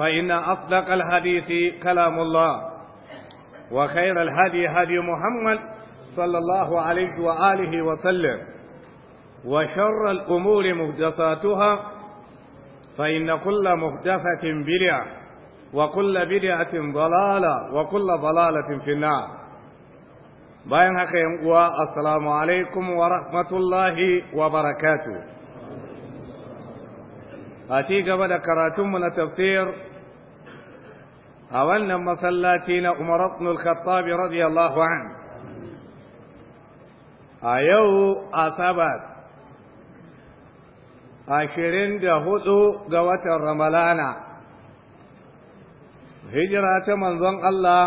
فإن أصدق الحديث كلام الله وخير الهدي هدي محمد صلى الله عليه وآله وسلم وشر الأمور مهدساتها فإن كل مهدسة بدعة وكل بدعة ضلالة وكل ضلالة في النار باين حقا السلام عليكم ورحمة الله وبركاته أتي قبل كراتم من التفسير a wannan masallaci na Umar ibn al-Khattab radiyallahu an a yau asabar ashirin da hudu ga watan ramalana hijira ta manzon Allah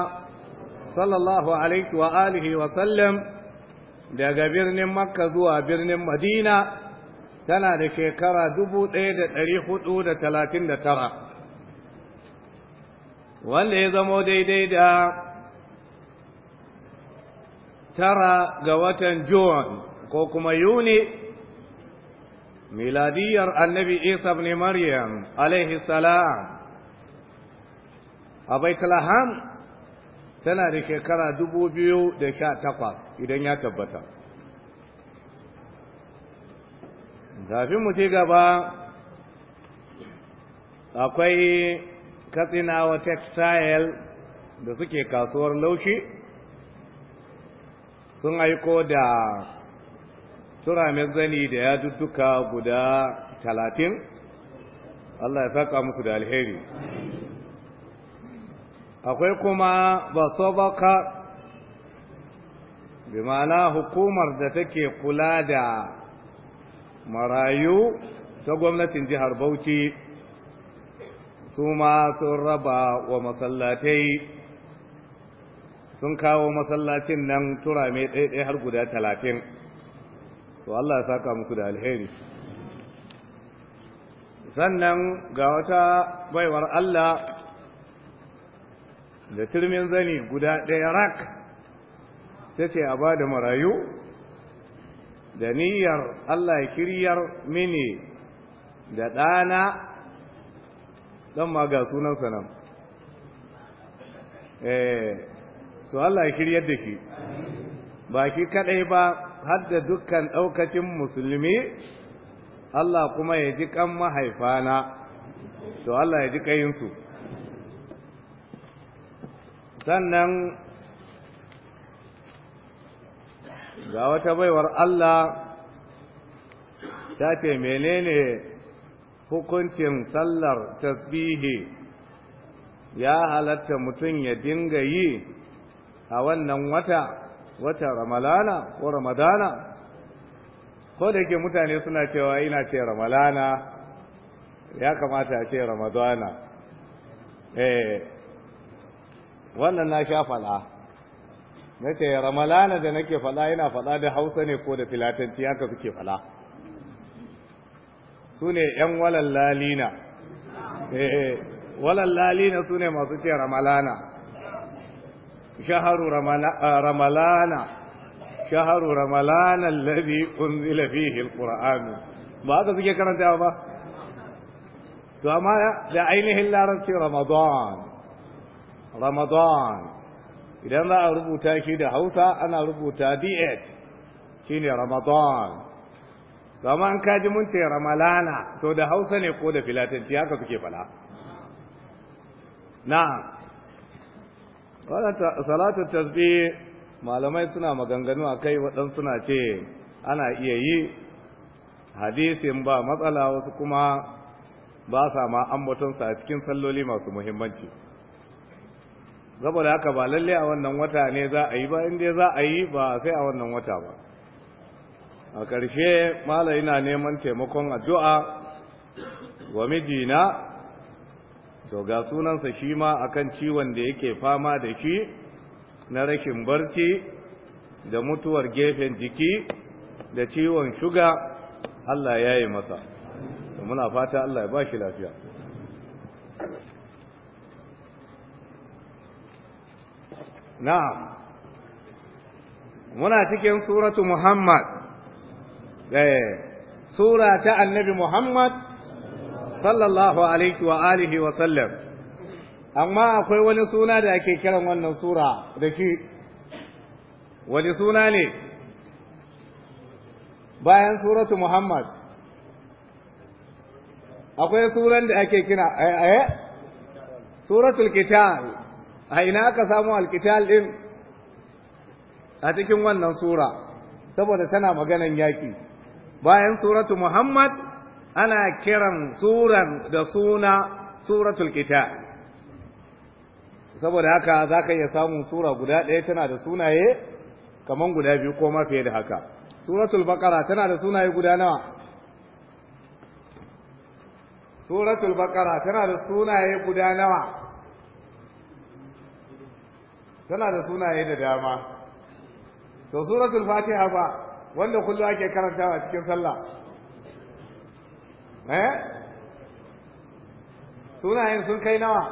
sallallahu daga birnin makka zuwa birnin madina tana da shekara dubu ɗaya da ɗari huɗu da talatin da tara wanda ya zamo daidai da tara ga watan Juwan ko kuma Yuni miladiyar annabi Isa ibn Maryam alaihi salam a Baitlaham tana da shekara dubu biyu da sha takwas idan ya tabbata. Kafin mu ci gaba akwai katsinawa textile da suke kasuwar laushi sun aiko da turamin zani da ya dudduka guda talatin Allah ya saka musu da alheri akwai kuma basobaka bi ma'ana hukumar da take kula da marayu ta gwamnatin jihar bauchi su ma sun raba wa masallatai sun kawo masallacin nan tura mai ɗaiɗai har guda talatin to Allah ya saka musu da alheri sannan ga wata baiwar Allah da turmin zani guda ɗaya rak ta ce a ba da marayu da niyyar Allah ya kiryar mini da ɗana dan ma ga sunan sa nan eh to Allah ya kiryar da ki ba ki kadai ba har da dukkan ɗaukacin musulmi Allah kuma ya ji kan mahaifana to Allah ya ji kayinsu sannan ga wata baiwar Allah ta ce menene hukuncin sallar tasbihi ya halatta mutum ya dinga yi a wannan wata wata ramalana ko ramadana ko da ke mutane suna cewa ina ce ramalana ya kamata a ce ramadana eh wannan na sha fada na ce ramalana da nake fada ina fada da hausa ne ko da filatanci haka suke fada su ne ‘yan walallalina eh, eh. walallalina su ne masu ce ramalana shaharu ah, ramalana shaharu ramalana lalabi unzila fihi alqur'anu ba haka suke karanta ba to amma da ainihin larabci ramadan ramadan idan za a rubuta shi da hausa ana rubuta d8 ne ramadan to amma an kaji mun ce ramalana to da hausa ne ko da filatanci haka suke fala na'am salatu tasbih malamai suna maganganu a kai waɗansu suna ce ana iya yi hadisin ba matsala wasu kuma ba sa ma ambatonsa a cikin salloli masu muhimmanci saboda haka ba lalle a wannan wata ne za a yi ba inda za a yi ba sai a wannan wata ba a ƙarshe mala ina neman taimakon addu'a wa mijina to ga sunansa shi ma akan ciwon da yake fama da shi na rashin barci da mutuwar gefen jiki da ciwon shuga Allah ya yi masa muna fata Allah ya ba shi lafiya na'am muna cikin suratu muhammad Eh, sura ta annabi Muhammad sallallahu alaihi wa alihi wa sallam amma akwai wani suna da ake kiran wannan sura da shi wani suna ne bayan suratu Muhammad akwai suran da ake kira eh, eh suratul kitab a ina aka samu alkital din a cikin wannan sura saboda tana maganan yaki bayan suratu Muhammad ana kiran suran da suna suratul kita saboda haka za ka iya samun sura guda ɗaya tana da sunaye kamar guda biyu ko ma fiye da haka suratul bakara tana da sunaye guda nawa suratul bakara tana da sunaye guda nawa tana da sunaye da dama to suratul fatiha ba wanda kullum ake karantawa cikin sallah eh sunayen sun kai nawa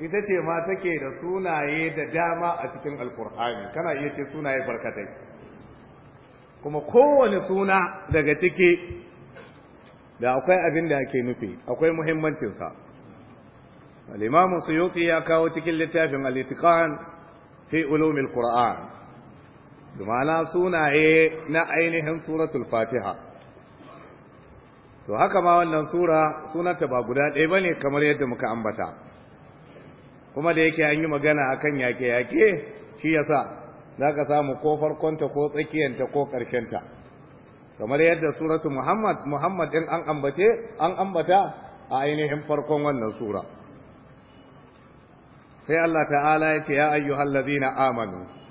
ita ce ma take da sunaye da dama a cikin alkur'ani kana iya ce sunaye barkatai kuma kowane suna daga ciki da akwai abin da ake nufi akwai muhimmancinsa al'imamu suyuti ya kawo cikin littafin al'itikan fi ulumin qur'an dumana sunaye na ainihin suratul fatiha to haka ma wannan sura sunanta ba guda ɗaya ba ne kamar yadda muka ambata kuma da yake an yi magana a kan yaƙe-yaƙe shi ya sa za ka samu ko farkonta ko tsakiyanta ko ta. kamar yadda suratu muhammad muhammad ɗin an ambace an ambata a ainihin farkon wannan sura sai allah ta'ala ya ce ya ayyuhallazina amanu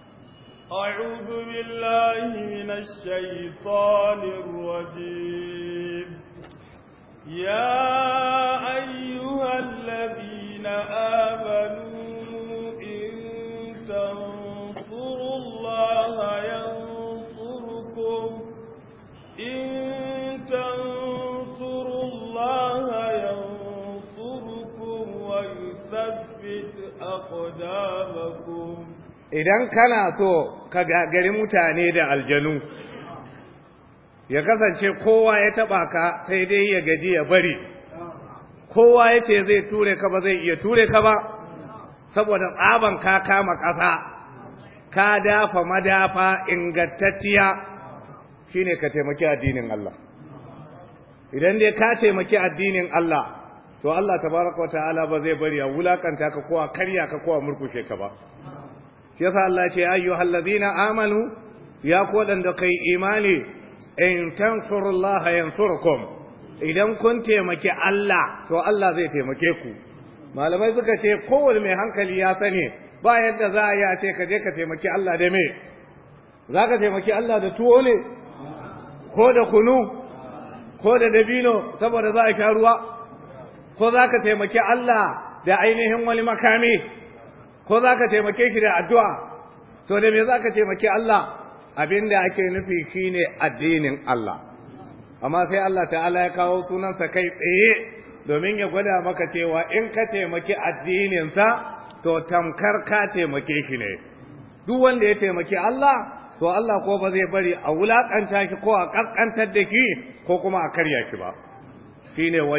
أعوذ بالله من الشيطان الرجيم يا أيها الذين آمنوا إن تنصروا الله ينصركم إن تنصروا الله ينصركم ويثبت أقدامكم idan kana so ka gagari mutane da aljanu ya kasance kowa ya taba ka sai dai ya gaji ya bari kowa ya ce zai ture ka ba zai iya ture ka ba saboda tsaban ka kama ƙasa ka dafa madafa ingantacciya shine ka taimaki addinin Allah idan dai ka taimaki addinin Allah to Allah tabaraka wa ta'ala ba zai bari a wulakanta ka kowa karya ka kowa murkushe ka ba shi yasa Allah ce ayyuhal ladina amanu ya ku wadanda kai imani in tansurullaha yansurkum idan kun taimaki Allah to Allah zai taimake ku malamai suka ce kowane mai hankali ya sani ba yadda za a yi a ce ka je ka taimaki Allah da me za ka taimaki Allah da tuwo ne ko da kunu ko da dabino saboda za a sha ruwa ko za ka taimaki Allah da ainihin wani makami ko za ka taimake shi da addu'a to da me za ka taimake Allah abin da ake nufi shi ne addinin Allah amma sai Allah ta'ala ya kawo sunansa kai tsaye domin ya gwada maka cewa in ka taimaki addininsa to tamkar ka taimake shi ne duk wanda ya taimaki Allah to Allah ko ba zai bari a wulaƙanta shi ko a ƙarƙantar da shi? ko kuma a karya shi ba Shi shine wa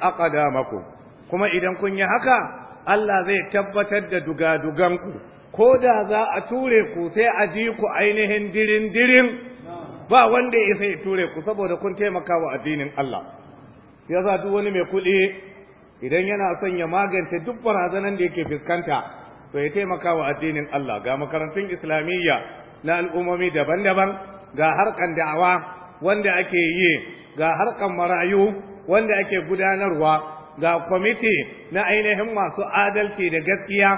a ƙadamaku kuma idan kun yi haka Allah zai tabbatar da ku ko da za a ture ku sai a ji ku ainihin dirin dirin ba wanda ya sai ture ku saboda kun taimaka wa addinin Allah yasa duk wani mai kuɗi idan yana son ya magance duk barazanan da yake fuskanta to ya taimaka wa addinin Allah ga makarantun islamiyya na al'ummomi daban-daban ga harkan da'awa wanda ake yi ga harkan marayu wanda ake gudanarwa ga kwamiti na ainihin masu adalci da gaskiya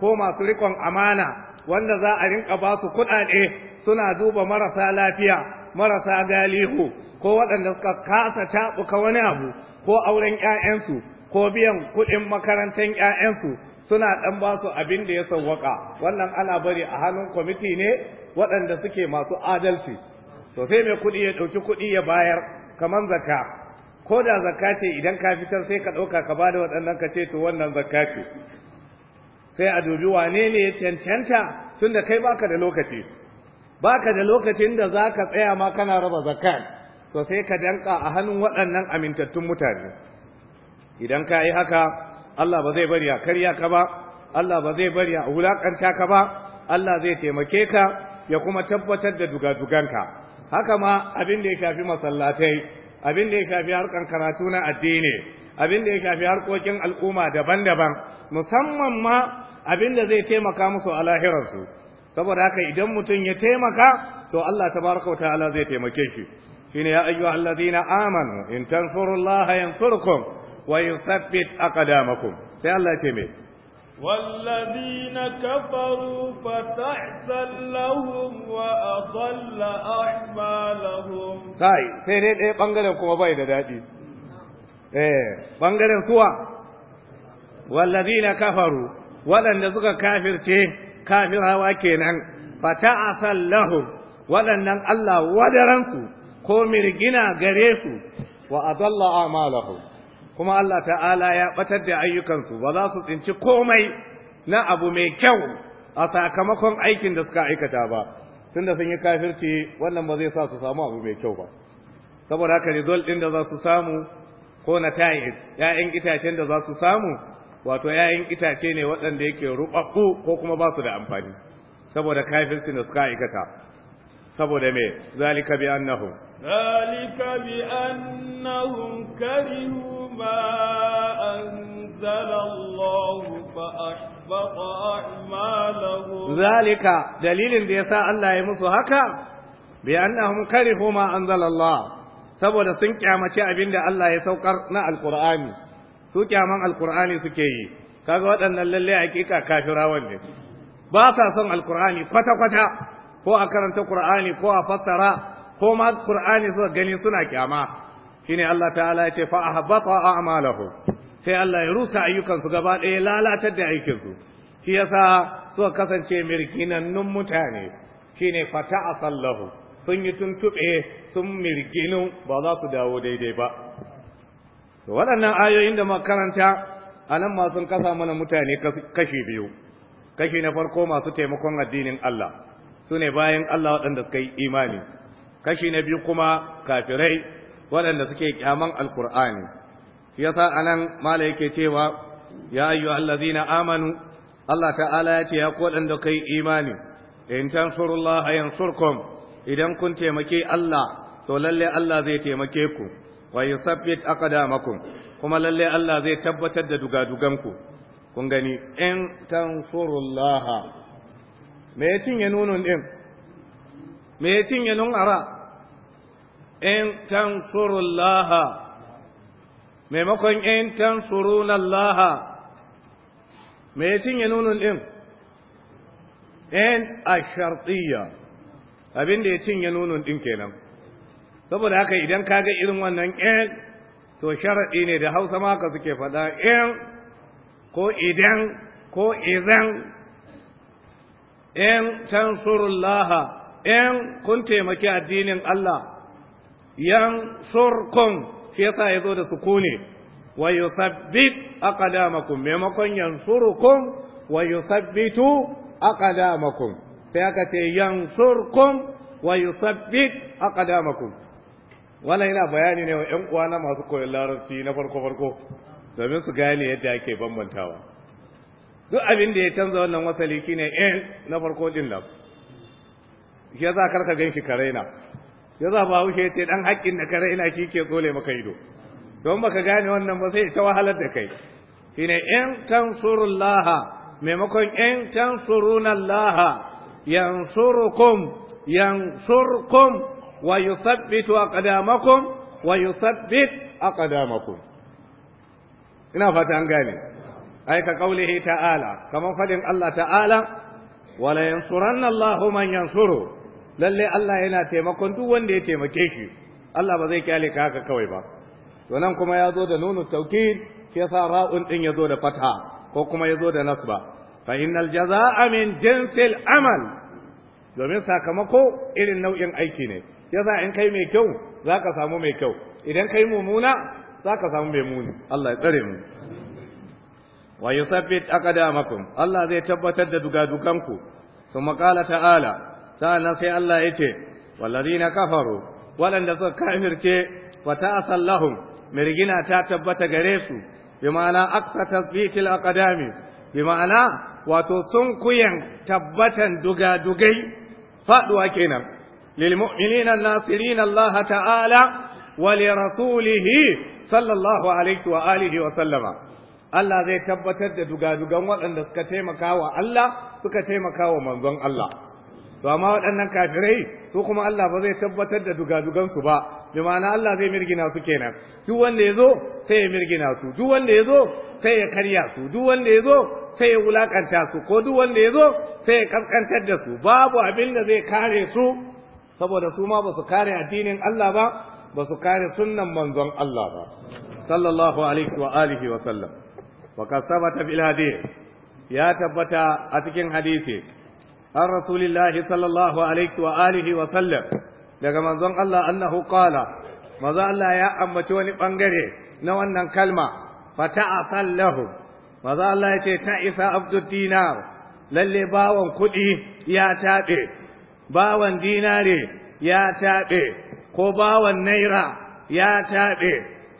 ko masu rikon amana wanda za a rinka ba su kuɗaɗe suna duba marasa lafiya marasa galihu ko waɗanda suka kasa taɓuka wani abu ko auren 'ya'yansu ko biyan kuɗin makarantar 'ya'yansu suna ɗan ba su abin da ya sauwaƙa wannan ana bari a hannun kwamiti ne waɗanda suke masu adalci to sai mai kuɗi ya ɗauki kuɗi ya bayar kamar zaka ko da zakka ce idan ka fitar sai ka ɗauka ka ba da waɗannan ka ce to wannan zakka ce sai a dubi wane ne ya cancanta tun da kai baka da lokaci baka da lokacin da za ka tsaya ma kana raba zakka to sai ka danka a hannun waɗannan amintattun mutane idan ka yi haka Allah ba zai bari a karya ka ba Allah ba zai bari a wulakanta ka ba Allah zai taimake ka ya kuma tabbatar da dugadugan ka, haka ma abin da ya shafi masallatai abin da ya shafi harkar karatu na addini abin da ya shafi harkokin al'umma daban-daban musamman ma abin da zai taimaka musu a lahirarsu saboda haka idan mutum ya taimaka to Allah tabaraka wa ta'ala zai taimake shi shine ya ayyu allazina amanu in tansurullaha yansurkum wa yuthabbit aqdamakum sai Allah ya taimake والذين كفروا فتعسا لهم وأضل أعمالهم كاي سيني ايه بانجلن كما بايد دادي ايه بانجلن سوا والذين كفروا ولن نزغ كافر تي كافر هوا كينان فتعسا لهم ولن الله ودرنسو كومر جنا gare وأضل أعمالهم kuma Allah ta'ala ya batar da ayyukansu ba za su tsinci komai na abu mai kyau a sakamakon aikin da suka aikata ba tunda sun yi kafirci wannan ba zai sa su samu abu mai kyau ba saboda haka result din da za su samu ko na tayin ya'yan itacen da za su samu wato ya'yan itace ne waɗanda yake ruɓaɓɓu ko kuma ba su da amfani saboda kafircin da suka aikata saboda me zalika bi annahum zalika bi annahum karihu ma anzala Allah fa ahbata a'malahum zalika dalilin da yasa Allah ya musu haka bi annahum karihu ma anzala Allah saboda sun kyamace abinda Allah ya saukar na alqur'ani su kyaman alqur'ani suke yi kaga waɗannan lalle hakika kafirawan ne ba sa son alqur'ani kwata kwata ko a karanta qur'ani ko a fassara ko ma qur'ani suka gani suna kyama shine Allah ta'ala ya ce fa ahbata a'malahum sai Allah ya rusa ayyukan su gaba ɗaya lalatar da aikin su shi yasa suka kasance mirginannun mutane shine fata asallahu sun yi tuntube sun mirginu ba za su dawo daidai ba waɗannan ayoyin da makaranta a nan ma sun kasa mana mutane kashi biyu kashi na farko masu taimakon addinin Allah su ne bayan Allah waɗanda suka yi imani kashi na biyu kuma kafirai waɗanda suke kyaman alkur'ani shi anan mala yake cewa ya ayyu allazina amanu Allah ta'ala ya ce ya ku waɗanda kai imani in tansurullaha yansurkum idan kun taimake Allah to lalle Allah zai taimake ku wa yusabbit aqdamakum kuma lalle Allah zai tabbatar da ku. kun gani in tansurullaha me ya cinye nunun ɗin me ya cinye nun ara in laha. maimakon in laha. me ya cinye nunun ɗin in ashartiyya abin da ya cinye nunun ɗin kenan saboda haka idan ka ga irin wannan in to sharaɗi ne da hausa maka suke faɗa in ko idan ko idan in Laha, in kun taimaki addinin Allah yan surkun shi yasa zo da sukuni wa yusabbit aqdamakum maimakon surkun wa yusabbitu aqdamakum sai aka ce surkun wa yusabbit aqdamakum Wala yana bayani ne wa ƴan uwana masu koyon larabci na farko farko domin su gane yadda ake bambantawa duk abin da ya canza wannan wasali shine in na farko din nan ya za karka ganki karaina za ba wuce ce dan haƙƙin da ka raina shi ke tsole maka ido don baka gane wannan ba sai ta wahalar da kai shine in tansurullaha maimakon in tansurunallaha yansurukum yansurkum wa yuthabbitu aqdamakum wa yuthabbit aqdamakum ina fata an gane ai ka kaulihi ta'ala kamar fadin Allah ta'ala wala yansuranna Allahu man yansuru lalle Allah yana taimakon duk wanda ya taimake shi Allah ba zai kyale ka haka kawai ba to nan kuma ya zo da nunu tawkid shi yasa ra'un din ya zo da fatha ko kuma ya zo da nasba fa innal amin min jinsil amal domin sakamako irin nau'in aiki ne yasa in kai mai kyau zaka samu mai kyau idan kai mumuna zaka samu mai muni Allah ya tsare mu wa yusabbit aqdamakum Allah zai tabbatar da dugaduganku kuma qala ta'ala sa'an sai Allah yace wallazina kafaru waɗanda suka kafirce wa ta'asal lahum mirgina ta tabbata gare su bi ma'ana aqsa tasbitil aqdami bi ma'ana wato sun kuyan tabbatan dugadugai faduwa kenan lil mu'minina nasirin Allah ta'ala wa li rasulihi sallallahu alaihi wa alihi wa sallama Allah zai tabbatar da dugadugan waɗanda suka taimaka wa Allah suka taimaka wa manzon Allah to amma waɗannan kafirai su kuma Allah ba zai tabbatar da dugadugan su ba bi ma'ana Allah zai mirgina su kenan duk wanda ya zo sai ya mirgina su duk wanda ya zo sai ya karya su duk wanda ya zo sai ya wulakanta su ko duk wanda ya zo sai ya kaskantar da su babu abin da zai kare su saboda su ma ba su kare addinin Allah ba ba su kare sunnan manzon Allah ba sallallahu alaihi wa alihi wa sallam wa kasabata fil hadith ya tabbata a cikin hadisi an rasulillahi sallallahu alaihi wa wa sallam daga manzon Allah annahu qala manzo Allah ya ambaci wani bangare na wannan kalma fata'asal lahu manzo Allah ya ce ta'isa abdud lalle bawan kuɗi ya taɓe, bawan dinare ya taɓe, ko bawan naira ya tabe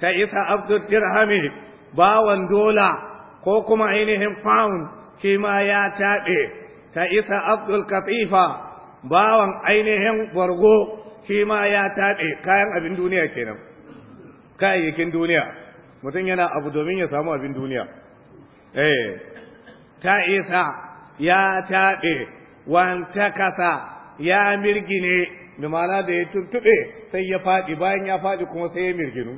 ta'isa abdud dirhami bawan dola ko kuma ainihin faun shi ma ya taɓe ta isa abdul katifa bawan ainihin bargo shi ma ya taɓe kayan abin duniya kenan kayayyakin duniya mutum yana abu domin ya samu abin duniya eh ta isa ya taɓe Wanta kasa ya mirgine bi ma'ana da ya tuntuɓe sai ya faɗi bayan ya faɗi kuma sai ya mirginu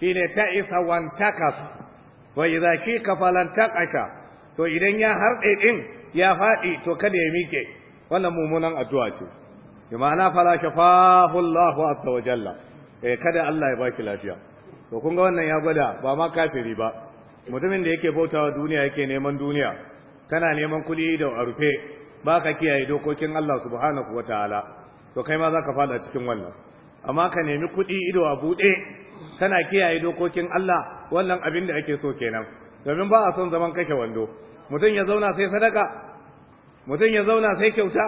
shine ta isa wantakas wa idza kika falan to idan ya harɗe ɗin ya faɗi to kada ya mike wannan mummunan addu'a ce bi ma'ana fala shafahu Allahu azza wa jalla eh kada Allah ya baki lafiya to kun ga wannan ya gwada ba ma kafiri ba mutumin da yake bautawa duniya yake neman duniya kana neman kuɗi da arfe ba ka kiyaye dokokin Allah subhanahu Ta'ala. to kai ma za ka fada cikin wannan amma ka nemi kuɗi ido a buɗe kana kiyaye dokokin Allah wannan abin da ake so kenan domin ba a son zaman kashe wando mutum ya zauna sai sadaka mutum ya zauna sai kyauta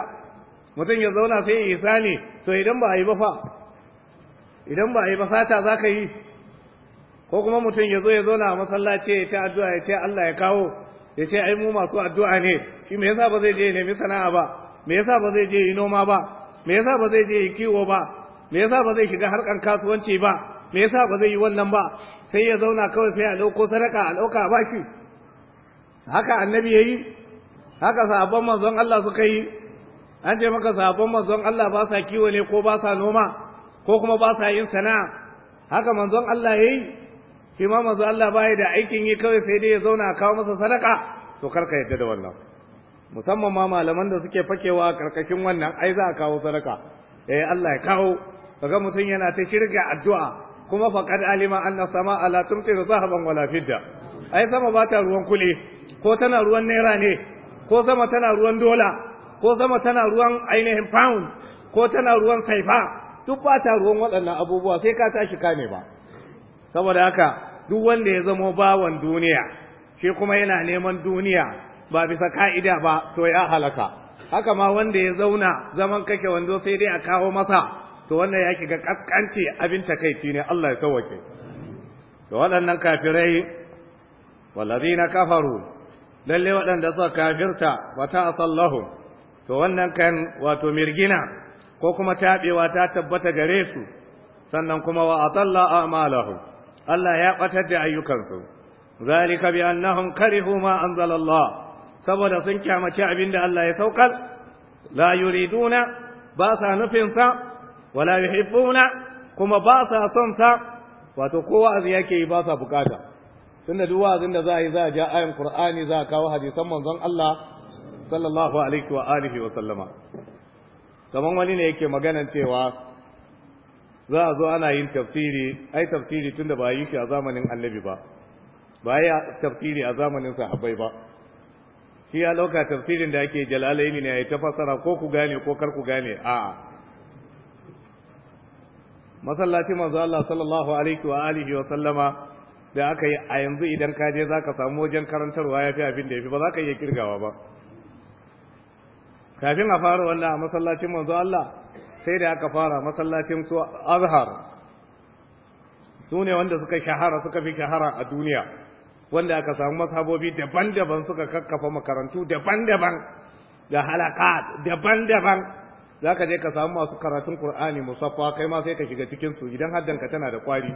mutum ya zauna sai ihsani to idan ba a yi ba fa idan ba a yi ba sata za ka yi ko kuma mutum ya zo ya zauna a masallaci ya ce addu'a ya ce Allah ya kawo ya ce ai mu masu addu'a ne shi me yasa ba zai je nemi sana'a ba me yasa ba zai je yi noma ba me yasa ba zai je kiwo ba me yasa ba zai shiga harkan kasuwanci ba me yasa ba zai yi wannan ba sai ya zauna kawai sai a ɗauko sadaka a ɗauka ba shi haka annabi ya yi haka sahabban manzon Allah suka yi an ce maka sahabban manzon Allah ba sa kiwo ne ko ba sa noma ko kuma ba sa yin sana'a haka manzon Allah ya yi shi ma manzon Allah ba da aikin yi kawai sai dai ya zauna a kawo masa sadaka to karka yadda da wannan musamman ma malaman da suke fakewa a karkashin wannan ai za a kawo sadaka eh Allah ya kawo kaga mutum yana ta shirga addu'a kuma faƙar alima anna samaa la da zahaban wala fidda ai sama ba ta ruwan kule ko tana ruwan naira ne ko sama tana ruwan dola ko sama tana ruwan ainihin pound ko tana ruwan saifa duk ba ta ruwan waɗannan abubuwa sai ka tashi kame ba saboda haka duk wanda ya zamo bawan duniya shi kuma yana neman duniya ba bisa ka'ida ba to ya halaka haka ma wanda ya zauna zaman kake wando sai dai a kawo masa to wannan ya kiga kaskanci abin takaici ne Allah ya sauwake to waɗannan kafirai na kafaru lalle waɗanda suka kafirta wa ta'asallahu to wannan kan wato mirgina ko kuma tabewa ta tabbata gare su sannan kuma wa atalla a'malahu Allah ya ɓatar da ayyukansu zalika bi annahum karihu ma anzalallah saboda sun kyamace abin da Allah ya saukar la yuriduna ba sa nufinsa wala yuhibbuna kuma ba sa son sa wato kowa azu yake yi ba sa bukata tunda duk wa'azin da za a yi za a ja ayan qur'ani za a kawo hadisan manzon Allah sallallahu alaihi wa alihi wa sallama kaman wani ne yake maganan cewa za a zo ana yin tafsiri ai tafsiri tunda ba yi shi a zamanin annabi ba ba ya tafsiri a zamanin sahabbai ba shi ya lauka tafsirin da ake jalalaini ne ya ta fasara ko ku gane ko kar ku gane a'a masallaci manzo Allah sallallahu alaihi wa alihi wa sallama da aka yi a yanzu idan ka je zaka samu wajen karantarwa yafi abin da yafi ba za ka iya kirgawa ba kafin a fara wannan a masallacin manzo Allah sai da aka fara masallacin su azhar su ne wanda suka shahara suka fi shahara a duniya wanda aka samu masabobi daban-daban suka kakkafa makarantu daban-daban da halakat daban-daban za ka je ka samu masu karatun ƙur'ani musaffa kai ma sai ka shiga cikinsu idan haddanka tana da ƙwari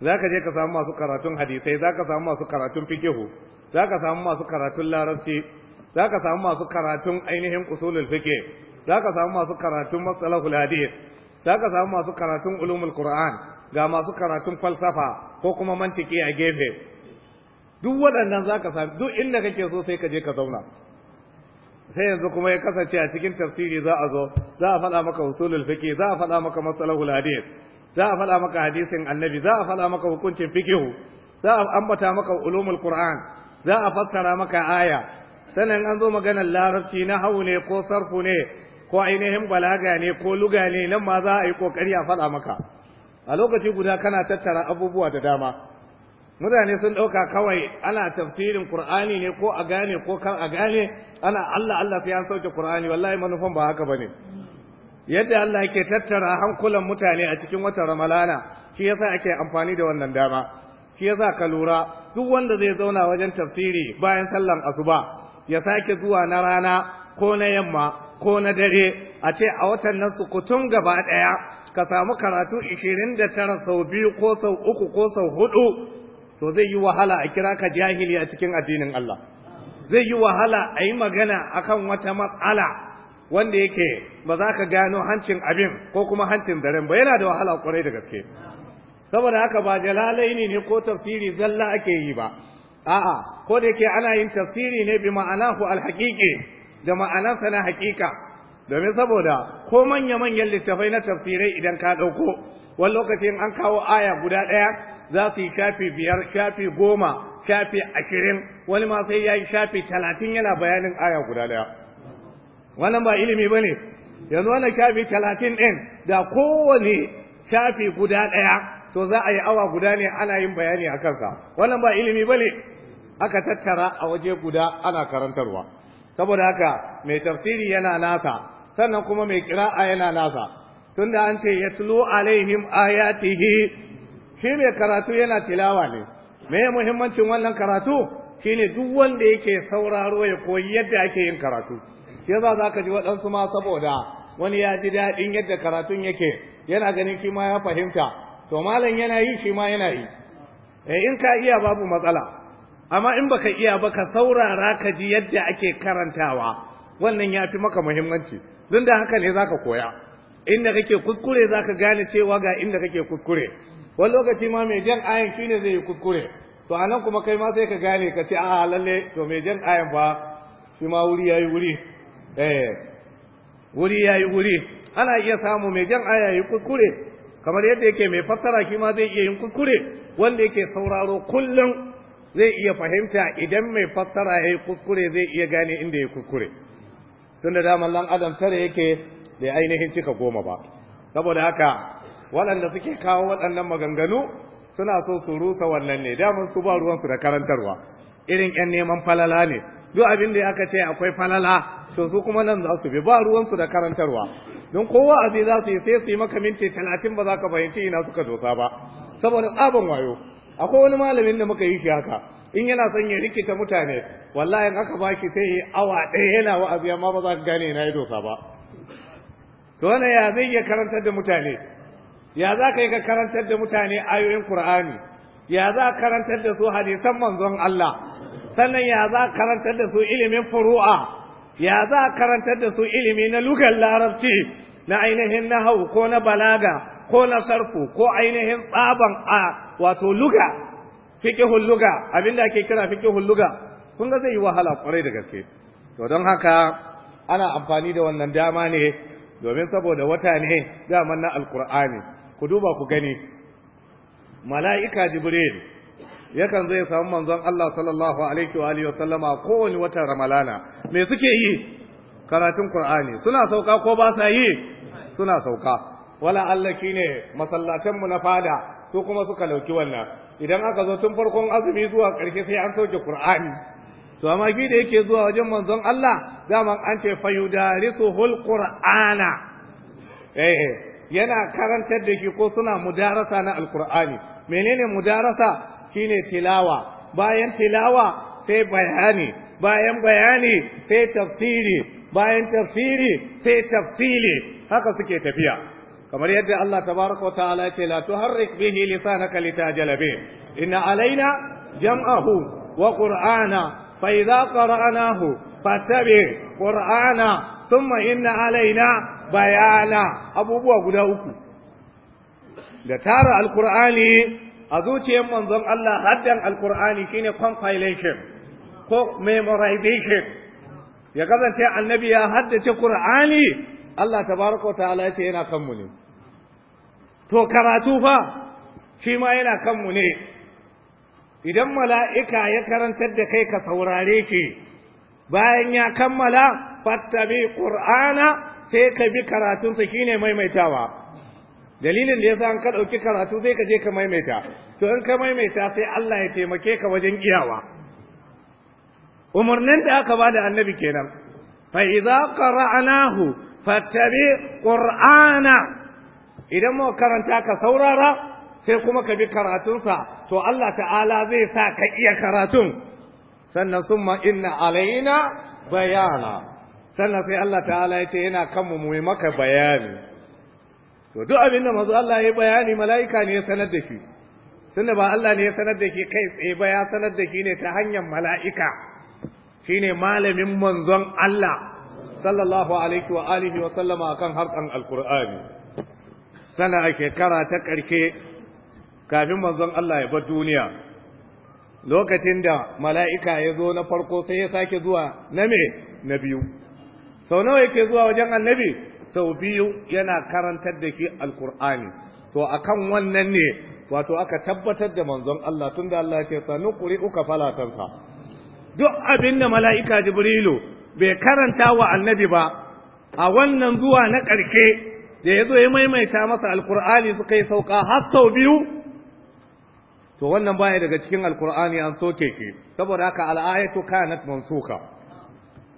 za ka je ka samu masu karatun hadisai za ka samu masu karatun fikihu za ka samu masu karatun larabci za ka samu masu karatun ainihin usulul fiqh za ka samu masu karatun masalahul hadith za ka samu masu karatun ulumul qur'an ga masu karatun falsafa ko kuma mantiki a gefe duk waɗannan za ka samu duk inda kake so sai ka je ka zauna sai yanzu kuma ya kasance a cikin tafsiri za a zo za a faɗa maka usulul fiqh za a faɗa maka masalahul hadith za a faɗa maka hadisin annabi za a faɗa maka hukuncin fiqh za a ambata maka ulumul qur'an za a fassara maka aya sannan an zo maganar larabci na hawu ne ko sarfu ne ko ainihin balaga ne ko luga nan ma za a yi kokari a faɗa maka a lokaci guda kana tattara abubuwa da dama mutane sun ɗauka kawai ana tafsirin Kur'ani ne ko a gane ko kan a gane ana Allah Allah sai an sauke Kur'ani wallahi manufan ba haka bane yadda Allah yake tattara hankulan mutane a cikin watan Ramalana shi yasa ake amfani da wannan dama shi yasa ka lura duk wanda zai zauna wajen tafsiri bayan sallan asuba ya sake zuwa na rana ko na yamma ko na dare a ce a watan nan sukutun gaba ɗaya ka samu karatu da tara sau biyu ko sau uku ko sau hudu to zai yi wahala a kira ka jahili a cikin addinin Allah zai yi wahala a yi magana akan wata matsala wanda yake ba za ka gano hancin abin ko kuma hancin daren ba yana da wahala kwarai da gaske saboda haka ba jalalaini ne ko tafsiri zalla ake yi ba a'a ko da yake ana yin tafsiri ne bi ma'anahu alhaqiqi da ma'anarsa na haqiqa domin saboda ko manya-manyan littafai na tafsirai idan ka ɗauko wani lokacin an kawo aya guda ɗaya za su yi shafi biyar shafi goma shafi ashirin wani ma sai ya yi shafi talatin yana bayanin aya guda daya wannan ba ilimi ba ne yanzu wannan shafi talatin ɗin da kowane shafi guda ɗaya to za a yi awa guda ne ana yin bayani a kansa wannan ba ilimi ba ne aka tattara a waje guda ana karantarwa saboda haka mai tafsiri yana nasa sannan kuma mai kira'a yana nasa tunda an ce ya yatlu alaihim ayatihi shi mai karatu yana tilawa ne me muhimmancin wannan karatu shine duk wanda yake sauraro ya koyi yadda ake yin karatu yasa za ka ji waɗansu ma saboda wani ya ji daɗin yadda karatun yake yana ganin shi ma ya fahimta to malam yana yi shi ma yana yi eh, in ka iya babu matsala amma in baka iya ba ka saurara ka ji yadda ake karantawa wannan ya fi maka muhimmanci don da haka ne za ka koya inda kake kuskure za ka gane cewa ga inda kake kuskure wani lokaci ma mai jan ayan shi ne zai yi kukure, to anan kuma kai ma sai ka gane ka ce a lalle to mai jan ayan fa shi ma wuri yi wuri eh wuri yi wuri ana iya samu mai jan aya yi kukure, kamar yadda yake mai fassara shi ma zai iya yin kukure, wanda yake sauraro kullum zai iya fahimta idan mai fassara yi kuskure zai iya gane inda yayi kuskure tunda daman lan adam tare yake da ainihin cika goma ba saboda haka waɗanda suke kawo waɗannan maganganu suna so su rusa wannan ne daman su ba ruwansu da karantarwa irin ƴan neman falala ne duk abin da aka ce akwai falala to su kuma nan za su bi ba ruwansu da karantarwa don kowa azi za su yi sai su yi maka minti talatin ba za ka fahimci ina suka dosa ba saboda tsaban wayo akwai wani malamin da muka yi shi haka in yana son ya rikita mutane wallahi in aka baki sai yi awa ɗaya yana wa'azi amma ba za ka gane na yi dosa ba to wannan ya zai iya karantar da mutane ya za ka yi ka karantar da mutane ayoyin Kur'ani ya za ka karantar da su hadisan manzon Allah sannan ya za ka karantar da su ilimin furu'a ya za ka karantar da su ilimi na lugar larabci na ainihin nahau ko na balaga ko na sarfu ko ainihin tsaban a wato luga fiqhul luga abinda ake kira fiqhul luga kun ga zai yi wahala kwarai da gaske to don haka ana amfani da wannan dama ne domin saboda wata ne zaman na alkur'ani ku duba ku gani mala'ika jibril yakan zai samu manzon Allah sallallahu alaihi wa alihi wasallama kowane wata ramalana me suke yi karatun qur'ani suna sauka ko ba sa yi suna sauka wala Allah ne masallatan mu na fada su kuma suka lauki wannan idan aka zo tun farkon azumi zuwa karshe sai an sauke qur'ani to amma bi da yake zuwa wajen manzon Allah daman an ce fayudarisul qur'ana eh eh yana karantar da shi ko suna mudarasa na alkur'ani menene mudarasa shine tilawa bayan tilawa sai bayani bayan bayani sai tafsiri bayan tafsiri sai tafsili haka suke tafiya kamar yadda Allah tabaraka ya ce la tuharrik bihi lisanaka litajalabe inna alaina jam'ahu wa qur'ana fa idza qara'nahu fattabi qur'ana thumma inna alaina bayana abubuwa guda uku da tara alqur'ani a zuciyar manzon Allah haddan alqur'ani shine compilation ko memorization ya kasance annabi ya haddace qur'ani Allah tabaraka wa ta'ala yace yana kan ne to karatu fa shi ma yana kanmu ne idan mala'ika ya karantar da kai ka saurare ki bayan ya kammala fattabi qur'ana sai ka bi karatun sa shine maimaitawa dalilin da yasa an ka dauki karatu sai ka je ka maimaita to in ka maimaita sai Allah ya taimake ka wajen iyawa umarnin da aka bada annabi kenan fa idza qara'nahu fattabi qur'ana idan mu karanta ka saurara sai kuma ka bi karatunsa to Allah ta'ala zai sa ka iya karatun sannan summa inna alaina bayana sannan sai Allah ta'ala ya ce yana kan mu mai maka bayani to duk abin da manzo Allah ya bayani mala'ika ne ya sanar da shi tunda ba Allah ne ya sanar da shi kai tsaye ba ya sanar da shi ne ta hanyar mala'ika shine malamin manzon Allah sallallahu alaihi wa alihi wa sallama akan harkan sana a shekara ta karke kafin manzon Allah ya bar duniya lokacin da mala'ika ya zo na farko sai ya sake zuwa na me na biyu sau nawa yake zuwa wajen annabi sau biyu yana karantar da shi alkur'ani to akan wannan ne wato aka tabbatar da manzon Allah tunda Allah ke ce nukuri uka fala duk abin da mala'ika jibrilu bai karanta wa annabi ba a wannan zuwa na ƙarshe da ya zo ya maimaita masa alkur'ani suka yi sauka har sau biyu to wannan baya daga cikin alkur'ani an soke ki saboda haka al'ayatu kanat mansuka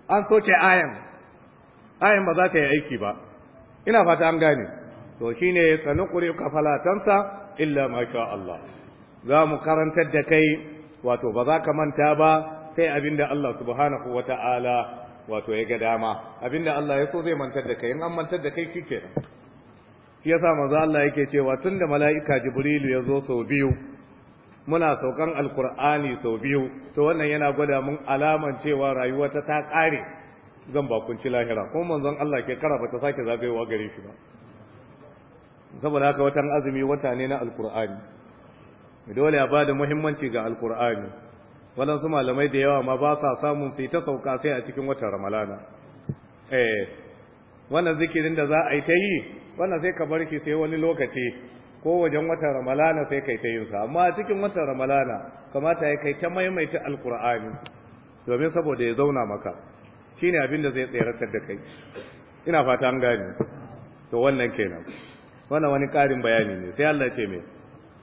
an soke ayan ayin ba za ta yi aiki ba ina fata an gane to shi shine sanukuri ka falatansa illa ma sha Allah za mu karantar da kai wato ba za ka manta ba sai abinda Allah subhanahu ta'ala, wato ya ga dama abinda Allah ya so zai mantar da kai in an mantar da kai kike shi yasa manzo Allah yake cewa tun da mala'ika Jibrilu ya zo sau biyu muna saukan alkur'ani sau biyu to wannan yana gwada mun alaman cewa rayuwata ta ƙare zan bakunci lahira ko manzon Allah ke kara ba ta sake zagayewa gare shi ba saboda haka watan azumi wata ne na alkur'ani dole ya bada muhimmanci ga alkur'ani waɗansu malamai da yawa ma ba sa samun su ta sauka sai a cikin watan ramalana eh wannan zikirin da za a yi ta yi wannan sai ka bar shi sai wani lokaci ko wajen watan ramalana sai kai ta yinsa amma a cikin watan ramalana kamata ya kai ta maimaita alkur'ani domin saboda ya zauna maka ne abin da zai tseratar da kai ina fata an gane to wannan kenan wannan wani karin bayani ne sai Allah ce me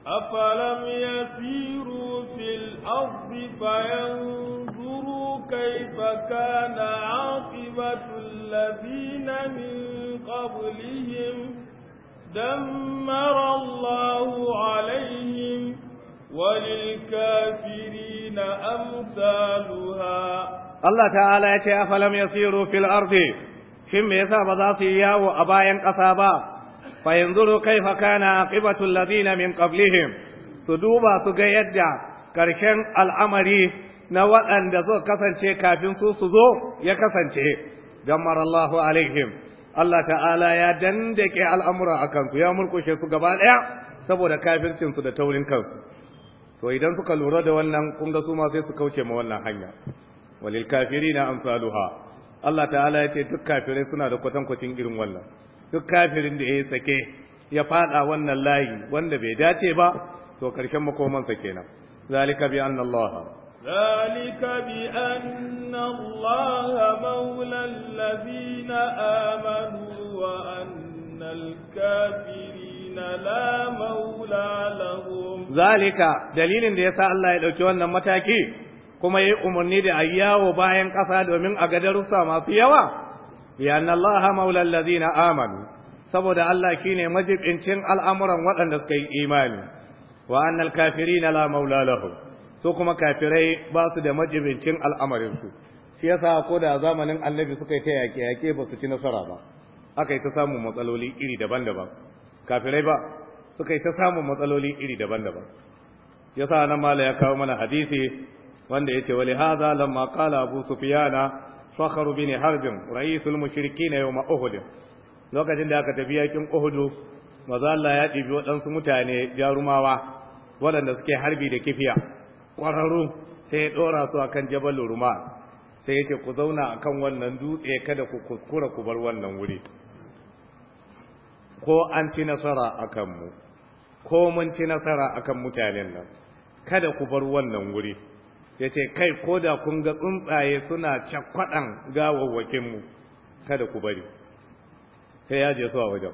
afalam yasiru fil ardi fayanzuru kayfa kana aqibatu alladhina min qablihim دمر الله عليهم وللكافرين أمثالها Allah ta'ala ya ce afalam yasiru fil arzi. shin me yasa ba za su yi yawo a bayan ƙasa ba fa kai fa kana aqibatu alladhina min qablihim su duba su ga yadda karshen al'amari na waɗanda suka kasance kafin su su zo ya kasance jammar Allahu alaihim Allah ta'ala ya dandake al'amura a kansu ya murkushe su gaba ɗaya saboda kafircinsu da taurin kansu to idan suka lura da wannan kun su ma sai su kauce ma wannan hanya walil kafirina amsaluha Allah ta'ala ya ce duk kafirai suna da kwatankwacin irin wannan duk kafirin da ya sake ya faɗa wannan layi wanda bai dace ba to ƙarshen makomansa kenan zalika bi anna Allah ذلك بأن الله مولى الذين آمنوا وأن الكافرين لا مولى لهم ذلك دليل da yasa Allah ya ɗauki wannan mataki kuma yayi umarni da ayyawo bayan ƙasa domin a gadarusa masu yawa ya annallaha maula ladina amanu saboda Allah shine majibincin al'amuran waɗanda suka yi imani wa annal kafirina la maula lahu su kuma kafirai ba su da majibincin al'amarin su shi yasa ko da zamanin annabi suka yi ta yaƙe yaƙe ba su ci nasara ba aka yi ta samun matsaloli iri daban-daban kafirai ba suka yi ta samun matsaloli iri daban-daban yasa nan mala ya kawo mana hadisi wanda yace wali hadha lamma qala abu sufyana harbin, bin harb raisul mushrikin yawm uhud lokacin da aka tafi yakin uhud maza Allah ya dibi wadansu mutane jarumawa waɗanda suke harbi da kifiya ƙwararru sai ya ɗora su akan jabal ruma sai yace ku zauna akan wannan dutse kada ku kuskura ku bar wannan wuri ko an ci nasara akan mu, ko mun ci nasara akan mutanen nan kada ku bar wannan wuri ya ce kai ko da kun ga tsuntsaye suna cakwaɗan gawawwakinmu kada ku bari sai ya je suwa wajen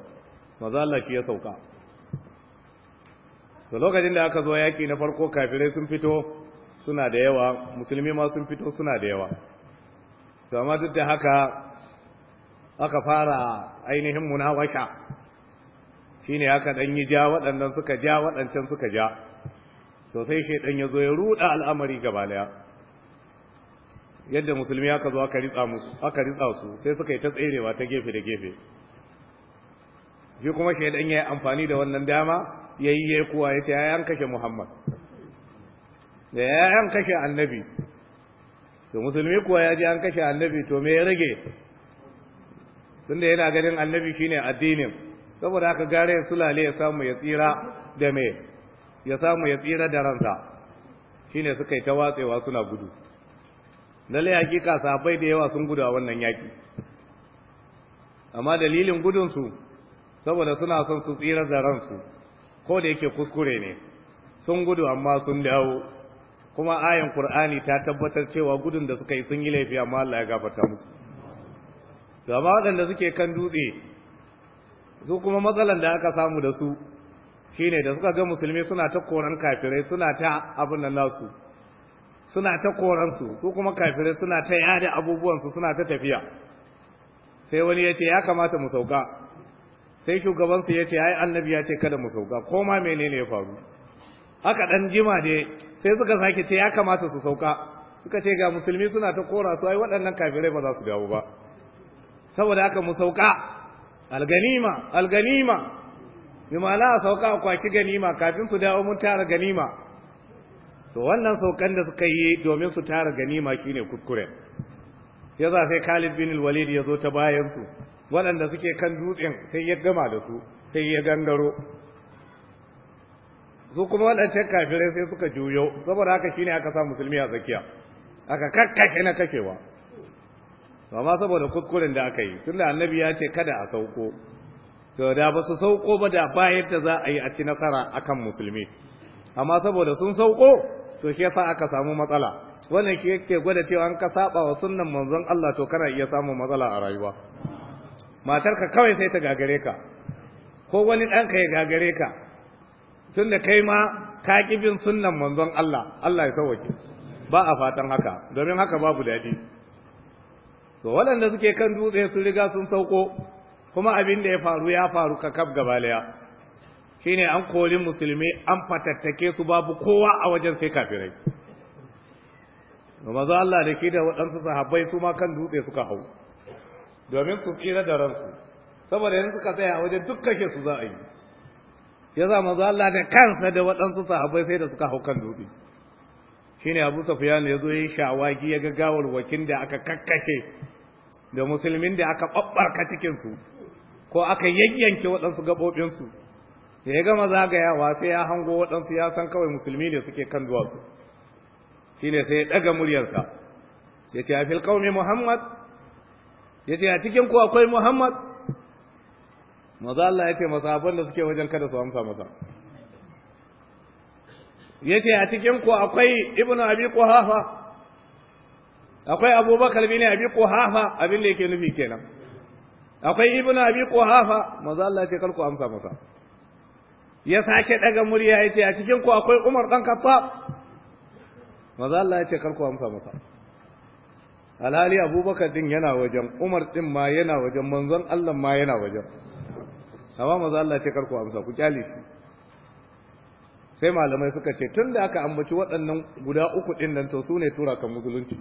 maza ki ya sauka da lokacin da aka zo yaƙi na farko kafirai sun fito suna da yawa musulmi ma sun fito suna da yawa to duk da haka aka fara ainihin munawasha shine aka dan yi ja waɗannan suka ja waɗancan suka ja so sai ɗan ya zo ya ruɗa al'amari gaba daya yadda musulmi aka zo aka ritsa su sai suka yi ta tserewa ta gefe da gefe shi kuma shi ɗan ya yi amfani da wannan dama ya yi ya kuwa ya ce ya yan kashe muhammad da ya yan kashe annabi to musulmi kuwa ya ji an kashe annabi to me ya rage tunda yana ganin annabi shine addinin saboda haka gare ya sulale ya samu ya tsira da me ya samu ya tsira da ransa shi ne suka yi ta watsewa suna gudu lalle hakika sabai da yawa sun gudu a wannan yaki amma dalilin gudunsu saboda suna son su tsira da ransu ko da yake kuskure ne sun gudu amma sun dawo kuma ayin qur'ani ta tabbatar cewa gudun da suka yi sun yi laifi amma Allah ya gafarta musu to amma waɗanda suke kan dutse su kuma matsalan da aka samu da su Shi ne da suka ga musulmi suna ta koran kafirai suna ta abin nan nasu suna ta koran su kuma kafirai suna ta yada abubuwan suna ta tafiya sai wani ya ce ya kamata mu sauka sai shugaban ya ce ai annabi ya ce kada mu sauka ko ma menene ya faru haka dan jima ne sai suka sake ce ya kamata su sauka suka ce ga musulmi suna ta kora su ai waɗannan kafirai ba za su dawo ba saboda haka mu sauka alganima alganima bi ma a sauka a kwaki ganima kafin su dawo mun tara ganima to wannan saukan da suka yi domin su tara ganima shine kuskure ya za sai Khalid bin al Walid ya zo ta bayan su waɗanda suke kan dutsen sai ya gama da su sai ya gangaro su kuma waɗancan kafirai sai suka juyo saboda haka shine aka sa musulmi a Zakiya, aka kakkashe na kashewa amma saboda kuskuren da aka yi tunda annabi ya ce kada a sauko to da ba su sauko ba da ba yadda za a yi a ci nasara akan musulmi amma saboda sun sauko to shi yasa aka samu matsala wannan ke yake gwada cewa an ka saba wa sunnan manzon Allah to kana iya samun matsala a rayuwa Matar ka kawai sai ta gagare ka ko wani ka ya gagare ka tunda kai ma ka kibin bin sunnan manzon Allah Allah ya sauke ba a fatan haka domin haka babu daɗi to waɗanda suke kan dutse su riga sun sauko kuma abin da ya faru ya faru kakaf gabaliya shine an koli musulmi an fatattake su babu kowa a wajen sai kafirai maza Allah da ke da waɗansu sahabbai su ma kan dutse suka hau domin su tsira da ransu saboda yanzu suka tsaya a wajen duk kashe su za a yi ya za maza Allah da kansa da waɗansu sahabbai sai da suka hau kan dutse shine Abu Sufyan ya zo yi shawagi ya ga gawar wakin da aka kakkake da musulmin da aka ɓaɓɓarka cikinsu ko aka yayyanke waɗansu gaɓoɓinsu da ya gama zagayawa sai ya hango waɗansu ya san kawai musulmi ne suke kan duwatsu shi ne sai ya ɗaga muryarsa ya ce a fil ƙaumi muhammad ya ce a cikin ku akwai muhammad maza Allah ya ce masa abin da suke wajen kada su amsa masa ya ce a cikin ku akwai ibnu abi quhafa akwai abubakar bin abi quhafa abin da yake nufi kenan akwai ibnu abi quhafa manzo Allah ce kalku amsa masa ya sake daga murya yace a cikin ku akwai Umar dan Khattab manzo Allah ce kalku amsa masa alhali abubakar din yana wajen Umar din ma yana wajen manzon Allah ma yana wajen amma manzo Allah ce kalku amsa ku kyale sai malamai suka ce tun da aka ambaci waɗannan guda uku ɗin nan to su ne tura kan musulunci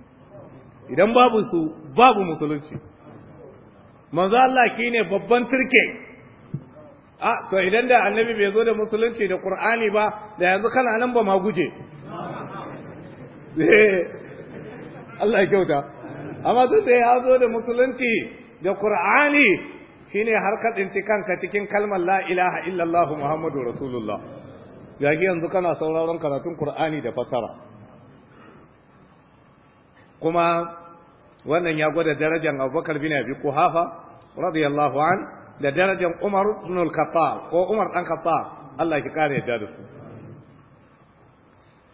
idan babu su babu musulunci manzo Allah kine babban turke a to idan da annabi bai zo da musulunci da qur'ani ba da yanzu kana nan ba ma guje Allah ya kyauta amma duk da ya zo da musulunci da qur'ani shine har ka tsinci kanka cikin kalmar la ilaha illallah muhammadu rasulullah yaki yanzu kana sauraron karatun qur'ani da fasara kuma wannan ya gwada darajar abubakar bin abi kuhafa radiyallahu an da darajar umar ibn al-khattab ko umar dan khattab Allah ki kare yadda da su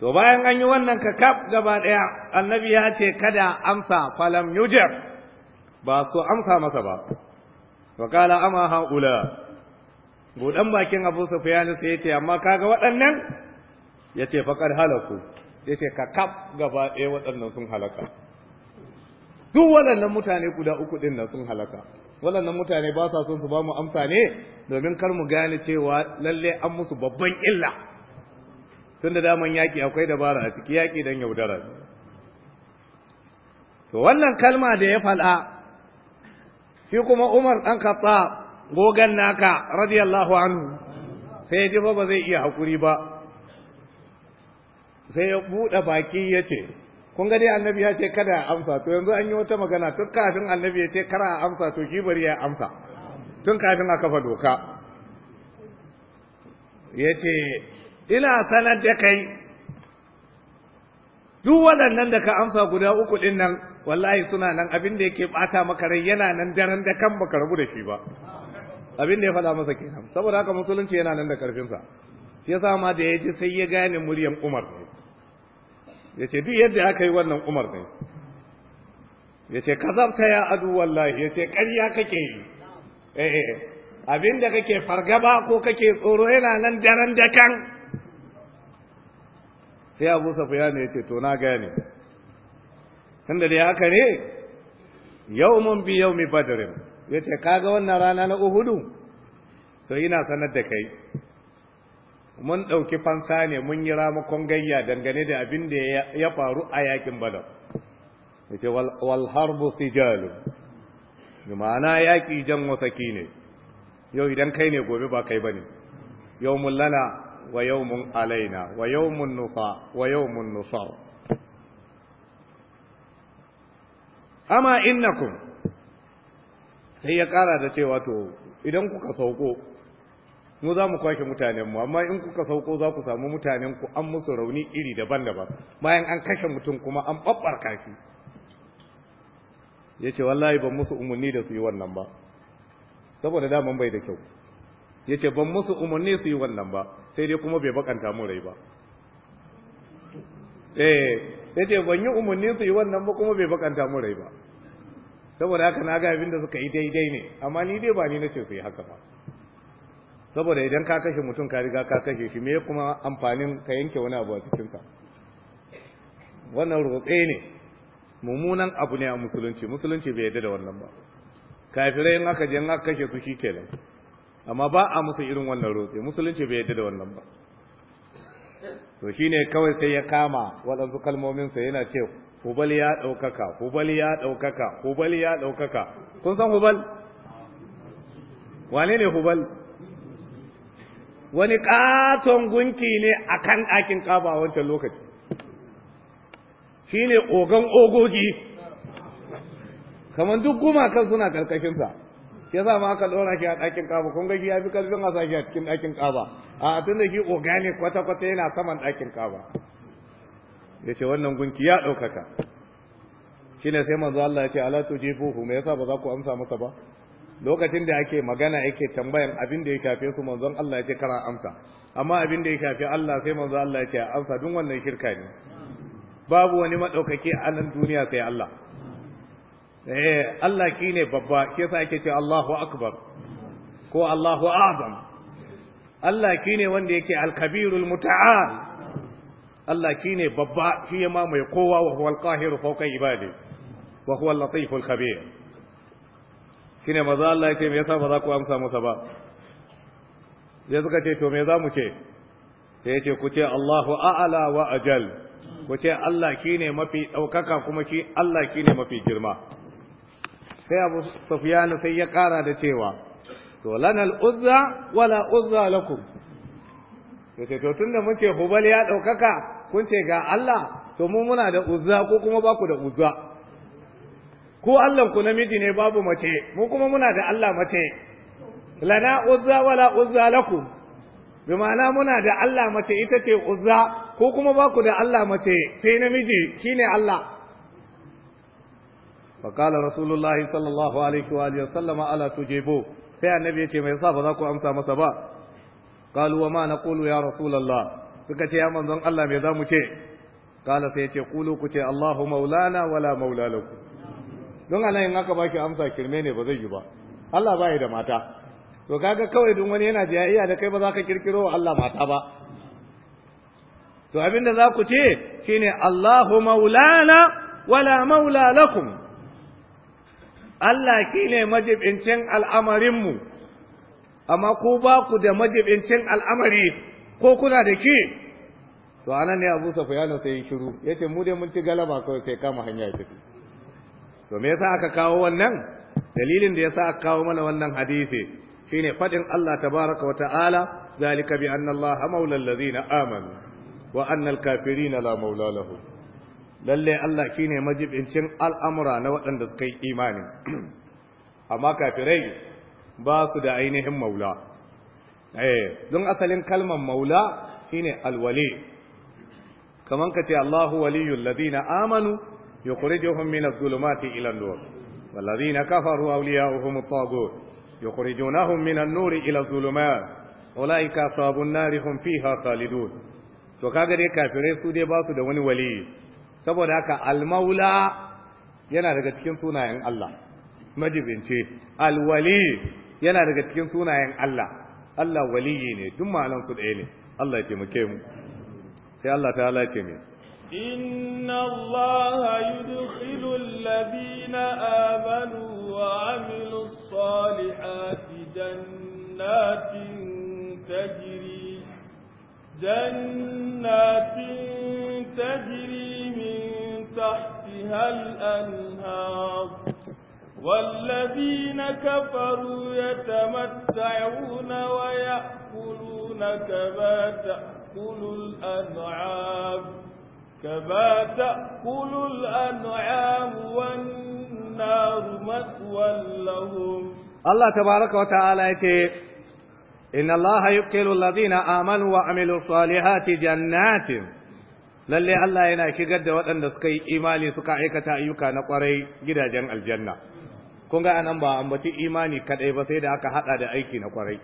to bayan an yi wannan kakaf gaba daya annabi ya ce kada amsa falam yujab ba su amsa masa ba wa kala ama haula budan bakin abu sufyan sai ya ce amma kaga waɗannan ya ce faqad halaku ya ce ka kaf gaba ɗaya waɗannan sun halaka duk waɗannan mutane guda uku ɗin nan sun halaka waɗannan mutane ba sa son su ba mu amsa ne domin kar mu gane cewa lalle an musu babban illa tunda daman yaƙi akwai dabara a ciki yaƙi don yaudara to wannan kalma da ya faɗa shi kuma umar ɗan katsa gogan naka radiyallahu anhu sai ya ba ba zai iya haƙuri ba sai ya buɗe baki ya ce kun gani annabi ya ce kada a amsa to yanzu an yi wata magana tun kafin annabi ya ce kara a amsa to shi bari ya amsa tun kafin a kafa doka ya ce ina sanar da kai duk waɗannan da ka amsa guda uku ɗin nan wallahi suna nan abin da yake ɓata maka rai yana nan daren da kan baka rabu da shi ba abin da ya faɗa masa kenan saboda haka musulunci yana nan da karfinsa shi yasa ma da ya ji sai ya gane muryan Umar yace duk yadda aka yi wannan Umar ne yace kazabta ya adu wallahi yace ƙarya kake yi eh, eh, eh. kake fargaba ko kake tsoro yana nan daren dakan sai Abu ya yace to na gane tunda dai haka ne Yau mun bi yau badirin ya yace kaga wannan rana na Uhudu so ina sanar da kai mun ɗauki fansa ne mun yi ramakon gayya dangane da abin da ya faru a yakin badar ya ce walharbu sijalu ma'ana yaƙi jan wasaki ne yau idan kai ne gobe ba kai ba ne yau mun lana wa yau mun alaina wa yau mun nufa wa yau mun nufa. amma innakum sai ya ƙara da cewa to idan kuka sauko mu za mu kwashe mutanenmu amma in kuka sauko za ku samu mutanenku an musu rauni iri daban-daban bayan an kashe mutum kuma an babbar kafi ya ce wallahi ban musu umarni da su yi wannan ba saboda daman bai da kyau ya ce ban musu umarni su yi wannan ba sai dai kuma bai bakanta mu rai ba eh ya ce ban yi umarni su yi wannan ba kuma bai bakanta mu rai ba saboda haka na ga abin da suka yi daidai ne amma ni dai ba ni na ce su yi haka ba saboda idan ka kashe mutum ka riga ka kashe shi me kuma amfanin ka yanke wani abu a ka wannan roƙe ne mummunan abu ne a musulunci musulunci bai yarda da wannan ba kafirai in aka je in aka kashe su shi kenan amma ba a musu irin wannan roƙe musulunci bai yarda da wannan ba to shine kawai sai ya kama waɗansu kalmominsa yana ce hubal ya ɗaukaka hubal ya ɗaukaka hubal ya ɗaukaka kun san hubal wane ne hubal wani katon gunki ne a kan ɗakin kaba a wancan lokaci shi ne ogan ogogi kamar duk gumakan suna ƙarƙashinsa shi yasa ma aka ɗora shi a ɗakin kaba kun ga ya fi ƙarfin a sashi a cikin ɗakin kaba a tun da shi oga ne kwata-kwata yana saman ɗakin kaba ya ce wannan gunki ya ɗaukaka shi ne sai manzo Allah ya ce ala tujibuhu me yasa ba za ku amsa masa ba lokacin da ake magana yake tambayan abin da ya shafe su manzon Allah ya ce kara amsa amma abin da ya shafe Allah sai manzon Allah ya ce amsa duk wannan shirka ne babu wani madaukake a nan duniya sai Allah eh Allah kine babba shi yasa ake ce Allahu akbar ko Allahu azam Allah kine wanda yake al-kabirul muta'al Allah kine babba shi ya mamaye kowa wa huwal qahiru fawqa ibadi wa huwal latiful khabir shine maza Allah ya ce me yasa ba za ku amsa masa ba ya suka ce to me za mu ce sai ya ce ku ce Allahu a'ala wa ajal ku ce Allah shine mafi daukaka kuma shi Allah shine mafi girma sai Abu Sufyan sai ya kara da cewa to lanal uzza wala uzza lakum ce to da mun ce hubal ya ɗaukaka kun ce ga Allah to mu muna da uzza ko kuma ba ku da uzza ko Allah ku namiji ne babu mace mu kuma muna da Allah mace lana uzza wala uzza laku, bi ma'ana muna da Allah mace ita ce uzza ko kuma ba ku da Allah mace sai namiji shine Allah فقال رسول sallallahu alaihi الله عليه وآله وسلم ألا تجيبوا sai annabi ya ce mai sa ba za ku amsa masa ba Kalu wa ma naqulu ya rasulullah suka ce ya manzon Allah me za mu ce kala sai ya ce qulu ku ce Allahu maulana wala maulalaku. don anan in aka baki amsa kirme ne ba zai yi ba Allah ba da mata to kaga kawai duk wani yana jiya iya da kai ba za ka kirkiro wa Allah mata ba to abinda za ku ce shine Allahu maulana wala maula lakum Allah kine majibincin al'amarin mu amma ku ba ku da majibincin al'amari ko kuna da ke to anan ne Abu Sufyan sai ya shiru yace mu dai mun ci galaba kawai sai kama hanya ya tafi to me yasa aka kawo wannan dalilin da yasa aka kawo mana wannan hadisi shine fadin Allah tabaraka wa ta'ala zalika bi anna Allah maula allazina amanu wa anna kafirina la maula lahum lalle Allah shine majibincin al'amura na waɗanda suka yi imani amma kafirai ba su da ainihin maula eh don asalin kalmar maula shine alwali kaman kace Allahu waliyul ladina amanu yukhrijuhum min adh-dhulumati ila an-nur والذين كفروا أولياؤهم الطاغوت يخرجونهم من النور إلى الظلمات أولئك أصحاب النار هم فيها خالدون to kaga dai kafirai su dai ba su da wani wali saboda haka almaula yana daga cikin sunayen Allah majibince alwali yana daga cikin sunayen Allah Allah waliyi ne duk ma'anan su ɗaya ne Allah ya taimake mu sai Allah ta halace mai إن الله يدخل الذين آمنوا وعملوا الصالحات جنات تجري جنات تجري من تحتها الأنهار والذين كفروا يتمتعون ويأكلون كما تأكل الأنعام كما تأكل الأنعام والنار مثوى لهم الله تبارك وتعالى إن الله يبكل الذين آمنوا وعملوا الصالحات جنات للي Allah yana shigar da waɗanda suka yi imani نقري aikata ayyuka na ƙwarai aljanna kun ga anan ba ambaci imani kadai ba sai da aka hada da aiki na ƙwarai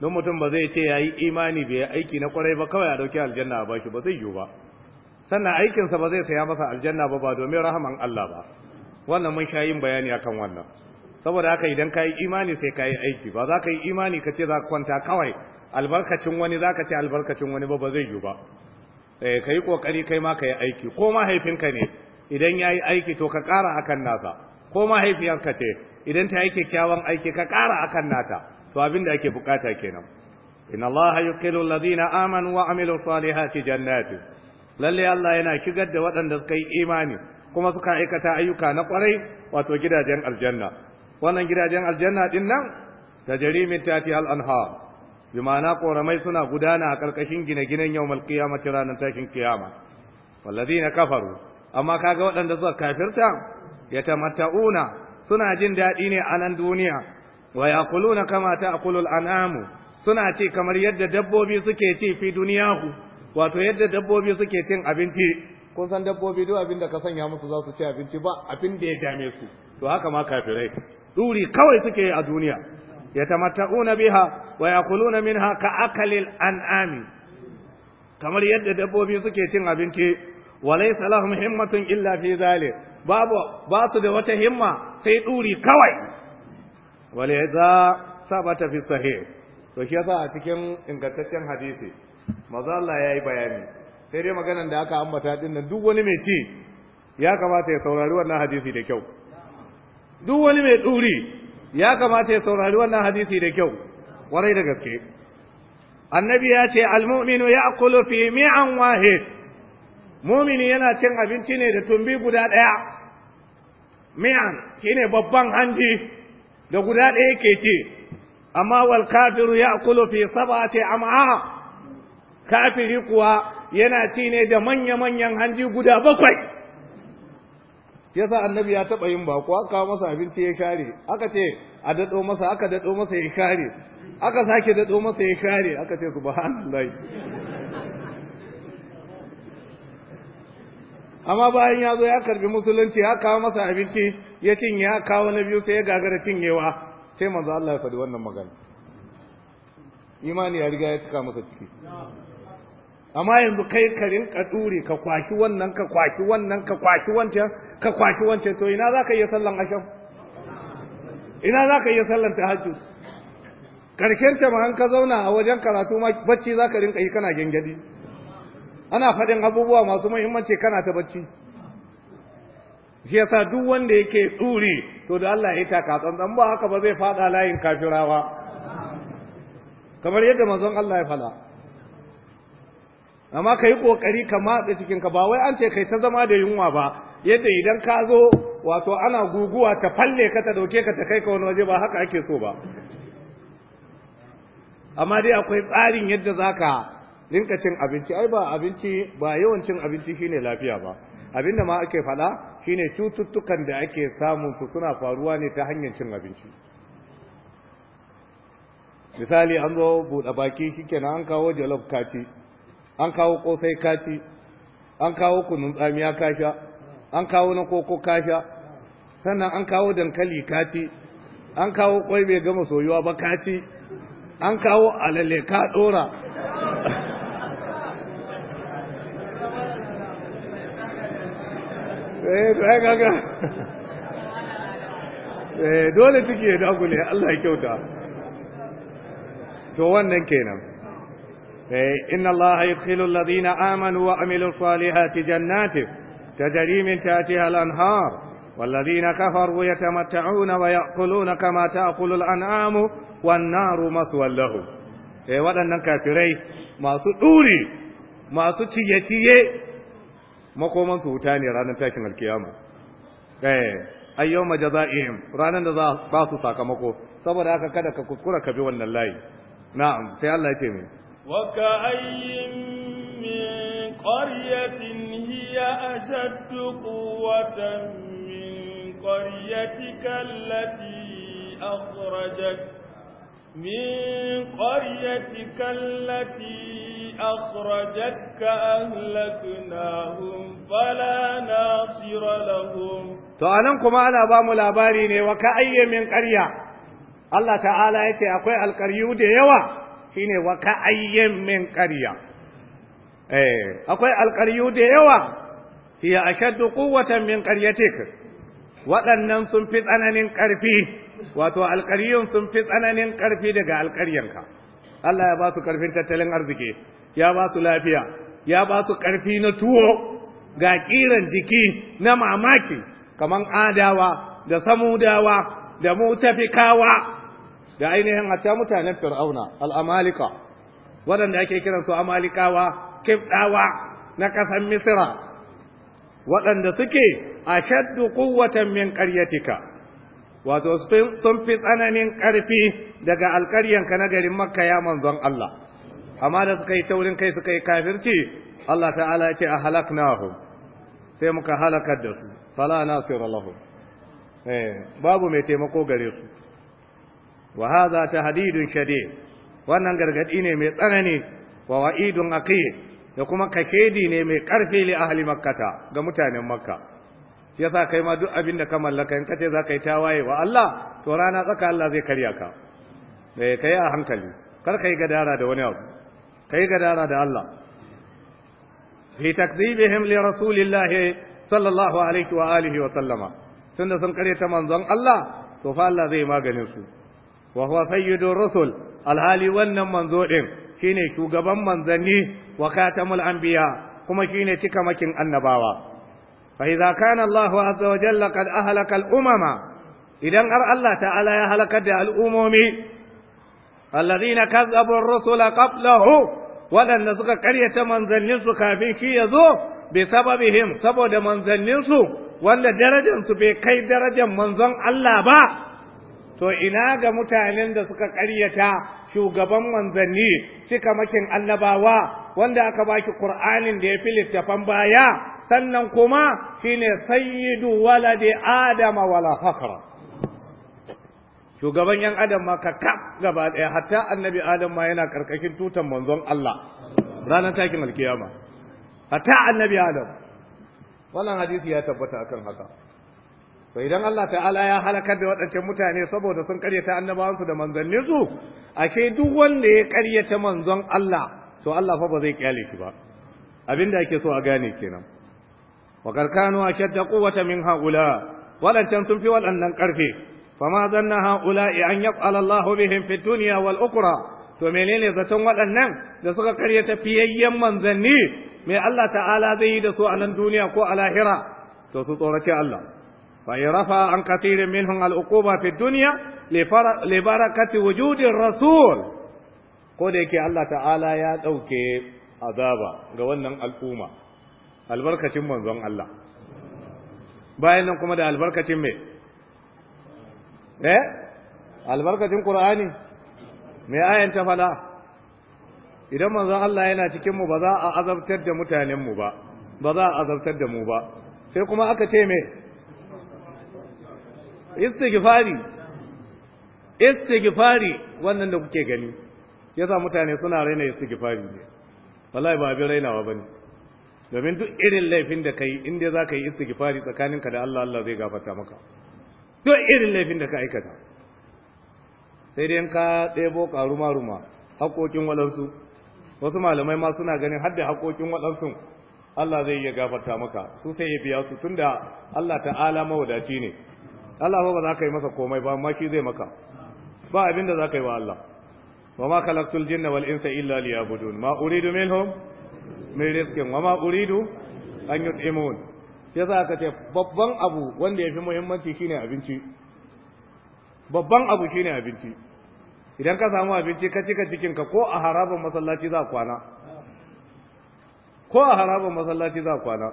don mutum ba zai ce yayi imani bai aiki na ƙwarai ba kawai a dauki aljanna ba shi. ba zai yiwu ba sannan aikinsa ba zai saya masa aljanna ba ba domin rahaman Allah ba wannan mun sha yin bayani akan wannan saboda haka idan ka yi imani sai ka yi aiki ba za ka yi imani ka ce za ka kwanta kawai albarkacin wani za ka ce albarkacin wani ba ba zai yi ba eh, ka yi ƙoƙari kai ma ka yi aiki ko mahaifinka ne idan ya yi aiki to ka ƙara akan nasa ko mahaifiyarka ce idan ta yi kyakkyawan aiki ka ƙara akan nata to abin da ake bukata kenan inna allaha yudkhilu alladhina amanu wa ce jan jannatin lalle Allah yana kigar da waɗanda suka yi imani kuma suka aikata ayyuka na ƙwarai wato gidajen aljanna wannan gidajen aljanna din nan tajri min tafi al bi ma'ana koramai suna gudana a karkashin gine-ginen yawmal qiyamati ranar tashin kiyama walladina kafaru amma kaga waɗanda suka kafirta Ya yatamatta'una suna jin daɗi ne a nan duniya wa yaquluna kama ta'qulu al anamu suna ce kamar yadda dabbobi suke ci fi duniyahu wato yadda dabbobi suke cin abinci kun san dabbobi duk abin da ka sanya musu za su ci abinci ba abin da ya dame su to haka ma kafirai duri kawai suke a duniya Ya tamatta'una biha wa yaquluna minha ka akalil an'ami kamar yadda dabbobi suke cin abinci wa laysa lahum himmatun illa fi zalik babu ba su da wata himma sai duri kawai walaza sabata fi sahih to shi yasa a cikin ingantaccen hadisi maza Allah ya yi bayani sai dai maganan da aka ambata din nan duk wani mai ci ya kamata ya saurari wannan hadisi da kyau duk wani mai ɗuri ya kamata ya saurari wannan hadisi da kyau warai da gaske annabi ya ce almu'minu ya'kulu fi mi'an wahid mu'mini yana cin abinci ne da tumbi guda ɗaya mi'an shine babban hanji da guda ɗaya ke ci amma wal kafiru ya'kulu fi sab'ati am'a kafiri kuwa yana ci ne da manya-manyan hanji guda bakwai yasa annabi ya taɓa yin bakuwa kawo masa abinci ya kare aka ce a daɗo masa aka daɗo masa ya kare aka sake daɗo masa ya kare aka ce subhanallah amma bayan ya zo ya karbi musulunci ya kawo masa abinci ya cinye ya kawo na biyu sai ya gagara cinyewa sai manzo Allah ya faɗi wannan magana imani ya riga ya cika masa ciki amma yanzu kai ka rinka dure ka kwaki wannan ka kwaki wannan ka kwaki wancan ka kwaki wancan to ina za ka iya sallan asham ina za ka iya sallan tahajjud karshen ta ma ka zauna a wajen karatu ma bacci za ka rinka yi kana gengadi ana faɗin abubuwa masu muhimmanci kana ta bacci shi yasa duk wanda yake tsuri to da Allah ya taka tsantsan ba haka ba zai faɗa layin kafirawa kamar yadda manzon Allah ya faɗa amma ka yi ƙoƙari ka matse cikinka ba wai an ce kai ta zama da yunwa ba yadda idan ka zo wato ana guguwa ta falle ka ta dauke ka ta kai ka wani waje ba haka ake so ba amma dai akwai tsarin yadda za ka cin abinci ai ba abinci ba yawan cin abinci shine lafiya ba abinda ma ake faɗa shine cututtukan da ake samun su suna faruwa ne ta hanyar cin abinci misali an zo buɗe baki shikenan an kawo jalof kaci an kawo kosai kafi an kawo kunun tsamiya kasha an kawo na koko kasha sannan an kawo dankali kati, an kawo kwai bai gama soyuwa ba kati, an kawo alale ka dora eh, eh, dole ciki ya dagule Allah ya kyauta to wannan kenan إن الله يدخل الذين آمنوا وعملوا الصالحات جنات تجري من تحتها الأنهار والذين كفروا يتمتعون ويأكلون كما تأكل الأنعام والنار مثوى لهم إيه waɗannan kafirai masu ɗuri masu ciye-ciye makomansu wuta ne ranar tashin alkiyama eh, ayyau majaza'ihim ranar da za ba su sakamako saboda haka kada ka kuskura ka bi wannan layi na'am sai Allah ce وكأي من قرية هي أشد قوة من قريتك التي أخرجت من قريتك التي أخرجتك أهلكناهم فلا ناصر لهم تعلمكم على بام الأبارين وكأي من قرية الله تعالى يتي أقوى القريود يوى shine wa ka min qarya eh, akwai alqaryu da yawa ashe ashaddu quwwatan min qaryatik waɗannan sun fi tsananin ƙarfi wato alƙaryun sun fi tsananin ƙarfi daga alƙaryanka Allah ya ba su ƙarfin tattalin arziki ya ba su lafiya ya ba su ƙarfi na tuwo ga ƙiran jiki na mamaki kamar adawa da samudawa da mutafikawa da ainihin hatta mutanen fir'auna al'amalika waɗanda ake kiransu amalikawa kifɗawa na ƙasar misira waɗanda suke a shaddu kuwatan min ƙaryatika wato sun fi tsananin ƙarfi daga alƙaryanka na garin makka ya manzon Allah amma da suka yi taurin kai suka yi kafirci Allah ta'ala ce a halaknahum sai muka halakar da su fala nasira lahum eh, babu mai taimako gare su wa hadha tahdidun shadid wannan gargadi ne mai tsanani wa wa'idun aqid da kuma kakedi ne mai karfi li ahli makkata ga mutanen makka yasa kai ma duk abin da ka mallaka in kace za ka yi tawaye wa Allah to rana tsaka Allah zai karya ka eh kai a hankali kar kai gadara da wani abu kai gadara da Allah fi takdhibihim li rasulillahi sallallahu alaihi wa alihi wa sallama tunda sun kare ta manzon Allah to fa Allah zai maganin su wa huwa sayyidur rusul alhali wannan manzo din shine shugaban manzanni wa katamul anbiya kuma shine cika makin annabawa fa idza kana Allah azza wa jalla qad ahlaka al umama idan ar Allah ta'ala ya halaka da al'umomi alladhina kazzabu ar-rusula qablahu waɗanda suka karyata manzanninsu kafin shi ya zo bi sababihim saboda manzanninsu wanda su bai kai darajar manzon Allah ba to ina ga mutanen da suka ƙaryata shugaban manzanni cika makin annabawa wanda aka baki qur'anin da ya fi littafan baya sannan kuma shine sayyidu walade adama wala fakra shugaban yan adam ma kakka gaba ɗaya hatta annabi adam ma yana karkashin tutan manzon Allah ranar takin alkiyama hatta annabi adam wannan hadisi ya tabbata akan haka to idan Allah ta'ala ya halakar da waɗancan mutane saboda sun karyata annabawansu da manzanninsu ake duk wanda ya karyata manzon Allah to Allah fa ba zai kyale shi ba abinda ake so a gane kenan wa karkanu ashadda quwwata min haula waɗancan sun fi wadannan karfe fama zanna haula an yaqala Allahu bihim fi dunya wal ukhra to menene zaton waɗannan da suka karyata fiyayyen manzanni me Allah ta'ala zai yi da su a nan duniya ko a lahira to su tsorace Allah فيرفع عن كثير منهم العقوبة في الدنيا لبركة وجود الرسول كودك الله تعالى يا دوكي عذابا غوانا الأمة البركة من ظن الله bayan kuma da albarkacin mai eh albarkacin qur'ani mai ayan ta fada idan manzon Allah yana cikin mu ba za a azabtar da mutanen mu ba ba za a azabtar da mu ba sai kuma aka ce me istighfari istighfari wannan da kuke gani yasa mutane suna raina istighfari ne wallahi ba abin rainawa bane domin duk irin laifin da kai in dai zaka yi istighfari tsakaninka da Allah Allah zai gafarta maka duk irin laifin da ka aikata sai dai ka debo karuma ruma haƙoƙin walansu wasu malamai ma suna ganin hadda haƙoƙin walansu Allah zai iya gafarta maka su sai ya biya su tunda Allah ta'ala mawadaci ne Allah ba za ka yi masa komai ba amma shi zai maka ba abinda za ka yi wa Allah wa ma khalaqtul jinna wal insa illa liya'budun ma uridu minhum min rizqin wa ma uridu an yut'imun yasa ka ce babban abu wanda yafi muhimmanci shine abinci babban abu shine abinci idan ka samu abinci ka cika cikinka ko a harabar masallaci za kwana ko a haraban masallaci za kwana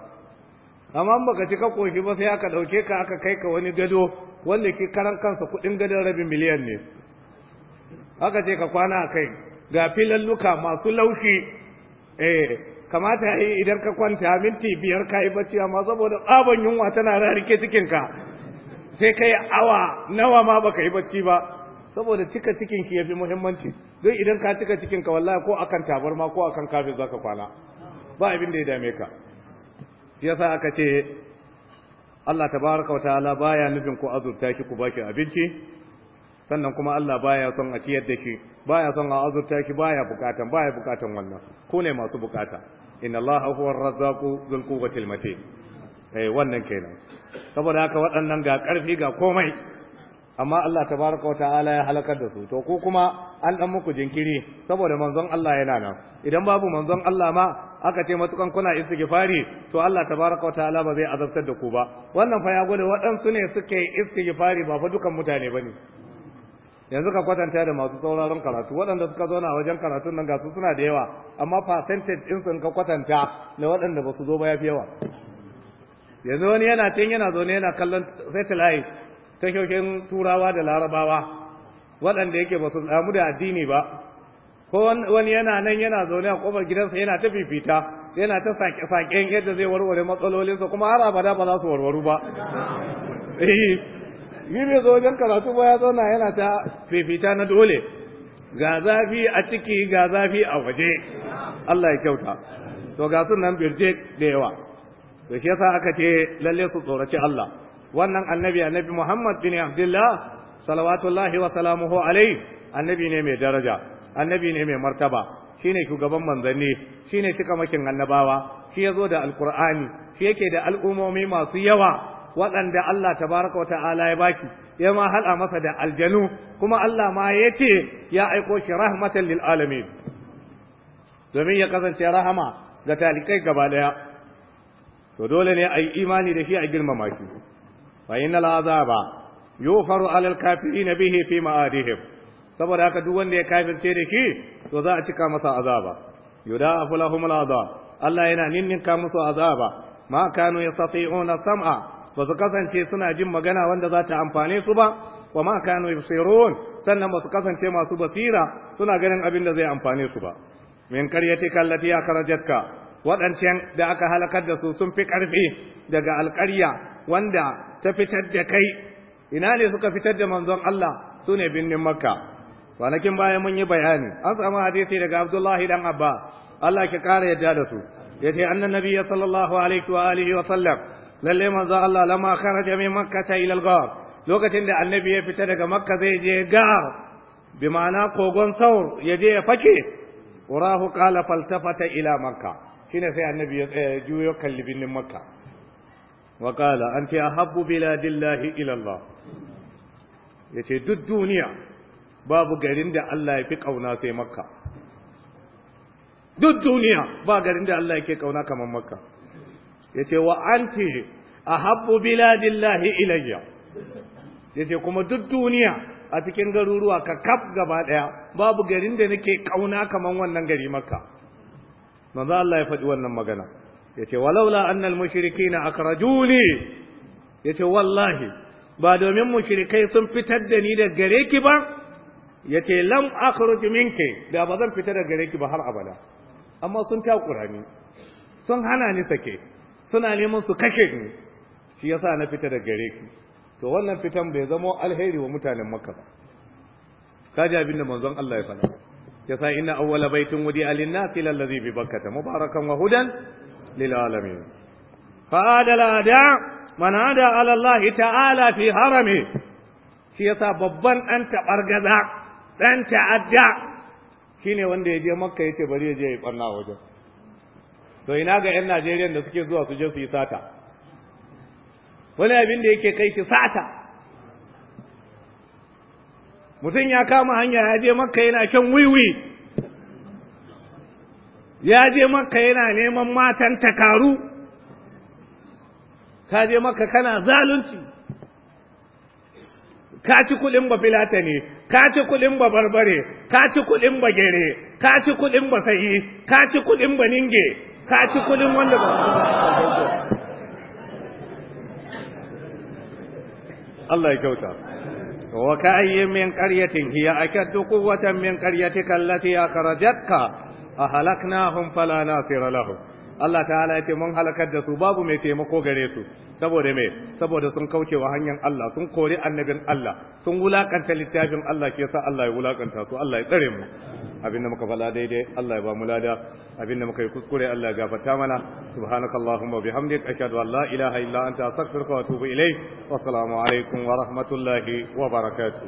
amma baka ci ka koshi ba sai aka dauke ka aka kai ka wani gado wanda ke karan kansa kudin gadon rabin miliyan ne aka ce ka kwana a kai ga filalluka masu laushi eh kamata yi idan ka kwanta minti biyar ka yi bacci amma saboda tsaban yunwa tana rarike cikinka sai ka yi awa nawa ma baka yi bacci ba saboda cika cikin ya fi muhimmanci don idan ka cika cikinka wallahi ko akan tabarma ko akan kafin za ka kwana ba abin da ya dame ka yasa aka ce Allah tabaraka ta'ala baya nufin ku azurta ki ku baki abinci sannan kuma Allah baya son a ciyar da ki baya son a azurta ki baya bukatan baya bukatan wannan ku ne masu bukata inna Allah huwa ar-razzaqu dhul quwwati al-matin eh wannan kenan saboda haka waɗannan ga ƙarfi ga komai amma Allah tabaraka ta'ala ya halakar da su to ku kuma an dan muku jinkiri saboda manzon Allah yana nan idan babu manzon Allah ma aka ce matukan kuna istighfari to Allah tabaraka wataala ba zai azabtar da ku ba wannan fa ya gode waɗansu ne suke istighfari ba fa dukan mutane bane yanzu ka kwatanta da masu sauraron karatu waɗanda suka zo na wajen karatun nan ga su suna da yawa amma percentage ɗin sun ka kwatanta da waɗanda ba su zo ba ya fi yawa yanzu wani yana cin yana zaune yana kallon satellite ta turawa da larabawa waɗanda yake ba su damu da addini ba ko wani yana nan yana zaune a kofar gidansa yana ta fifita yana ta saƙen yadda zai warware matsalolinsa kuma har abada ba za su warwaru ba eh yi mai zo wajen karatu ba ya zauna yana ta fifita na dole ga zafi a ciki ga zafi a waje Allah ya kyauta to ga sun nan birje da yawa to shi yasa aka ce lalle su tsoraci Allah wannan annabi annabi Muhammad bin Abdullah salawatullahi wa salamuhu alaihi annabi ne mai daraja annabi ne mai martaba shi ne shugaban manzanni shine cikamakin annabawa shi ya zo da alkur'ani shi yake da al'ummomi masu yawa waɗanda Allah tabaraka wa ta'ala ya baki ya ma hala masa da aljanu kuma Allah ma ya ce ya aiko shi rahmatan lil alamin domin ya kasance rahama ga talikai gaba daya to dole ne a yi imani da shi a girmama shi fa innal azaba yufaru alal kafirin bihi fi ma'adihim saboda haka duk wanda ya kafirce da ki to za a cika masa azaba yuda aflahum alazab Allah yana ninninka musu azaba ma kanu yastati'una sam'a ba su kasance suna jin magana wanda za ta amfane su ba wa ma kanu yusirun sannan ba su kasance masu basira suna ganin abin da zai amfane su ba min qaryatika allati akhrajatka wadancan da aka halakar da su sun fi karfi daga alƙarya wanda ta fitar da kai ina ne suka fitar da manzon Allah sune binnin makka kwanakin baya mun yi bayani an samu hadisi daga abdullahi dan abba Allah ki kara yadda da su yace annan ya sallallahu alaihi wa alihi wa sallam lalle manzo Allah lama kharaja min makkah ila al-ghar lokacin da annabi ya fita daga makka zai je gar bi ma'ana kogon saur ya je ya fake urahu qala faltafata ila makka shine sai annabi ya tsaya juyo kallibin makka wa qala anti ahabbu biladillahi ila Allah yace duk duniya babu garin da Allah ya fi kauna sai makka duk duniya ba garin da Allah yake kauna kamar makka yace wa anti ahabbu biladillahi ilayya yace kuma duk duniya a cikin garuruwa ka kaf gaba daya babu garin da nake kauna kaman wannan gari makka manzo Allah ya faɗi wannan magana yace walaula annal mushrikeena Ya yace wallahi ba domin mushrikai sun fitar da ni da gare ki ba yace lam akhruj minki da ba zan fita daga gare ki ba har abada amma sun takura ni sun hana ni sake suna neman su kashe ni shi yasa na fita daga gare ki to wannan fitan bai zama alheri wa mutanen makka ba kaji abin da manzon Allah ya faɗa yasa inna awwala baitin wudi alinnasi lallazi bi bakkata mubarakan wa hudan lil alamin fa adala da man ada ala Allah ta'ala fi harami shi yasa babban dan tabargaza ɗan ta'adda shi ne wanda ya je makka ya bari ya je ya ɓanna wajen to ina ga 'yan najeriya da suke zuwa su je su yi sata wani abin da yake kai shi sata mutum ya kama hanya ya je makka yana kyan wiwi ya je makka yana neman matan takaru ka je makka kana zalunci ka ci kuɗin ba filata ne ka ci kuɗin ba barbare ka ci kuɗin ba gere ka ci kuɗin ba sa'i ka ci kuɗin ba ninge ka ci kuɗin wanda ba Allah ya kyauta wa ka'ayyin min qaryatin hiya akaddu quwwatan min qaryatika allati akhrajatka ahlaknahum fala nasira lahum Allah ta'ala ya ce mun halakar da su babu mai taimako gare su saboda me saboda sun kauce wa hanyar Allah sun kori annabin Allah sun wulakanta littafin Allah ke sa Allah ya wulakanta su Allah ya tsare mu abinda muka fada daidai Allah ya ba mu lada abinda muka yi kuskure Allah ya gafarta mana subhanakallahumma bihamdik ashhadu an la ilaha illa anta astaghfiruka wa atubu ilayk wa assalamu alaikum wa rahmatullahi wa barakatuh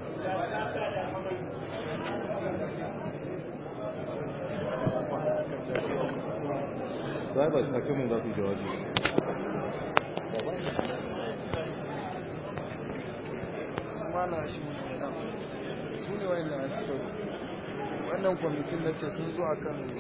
Thank you. za ba sake mun za su jawabi su ne wannan kwamitin na ce sun zo akan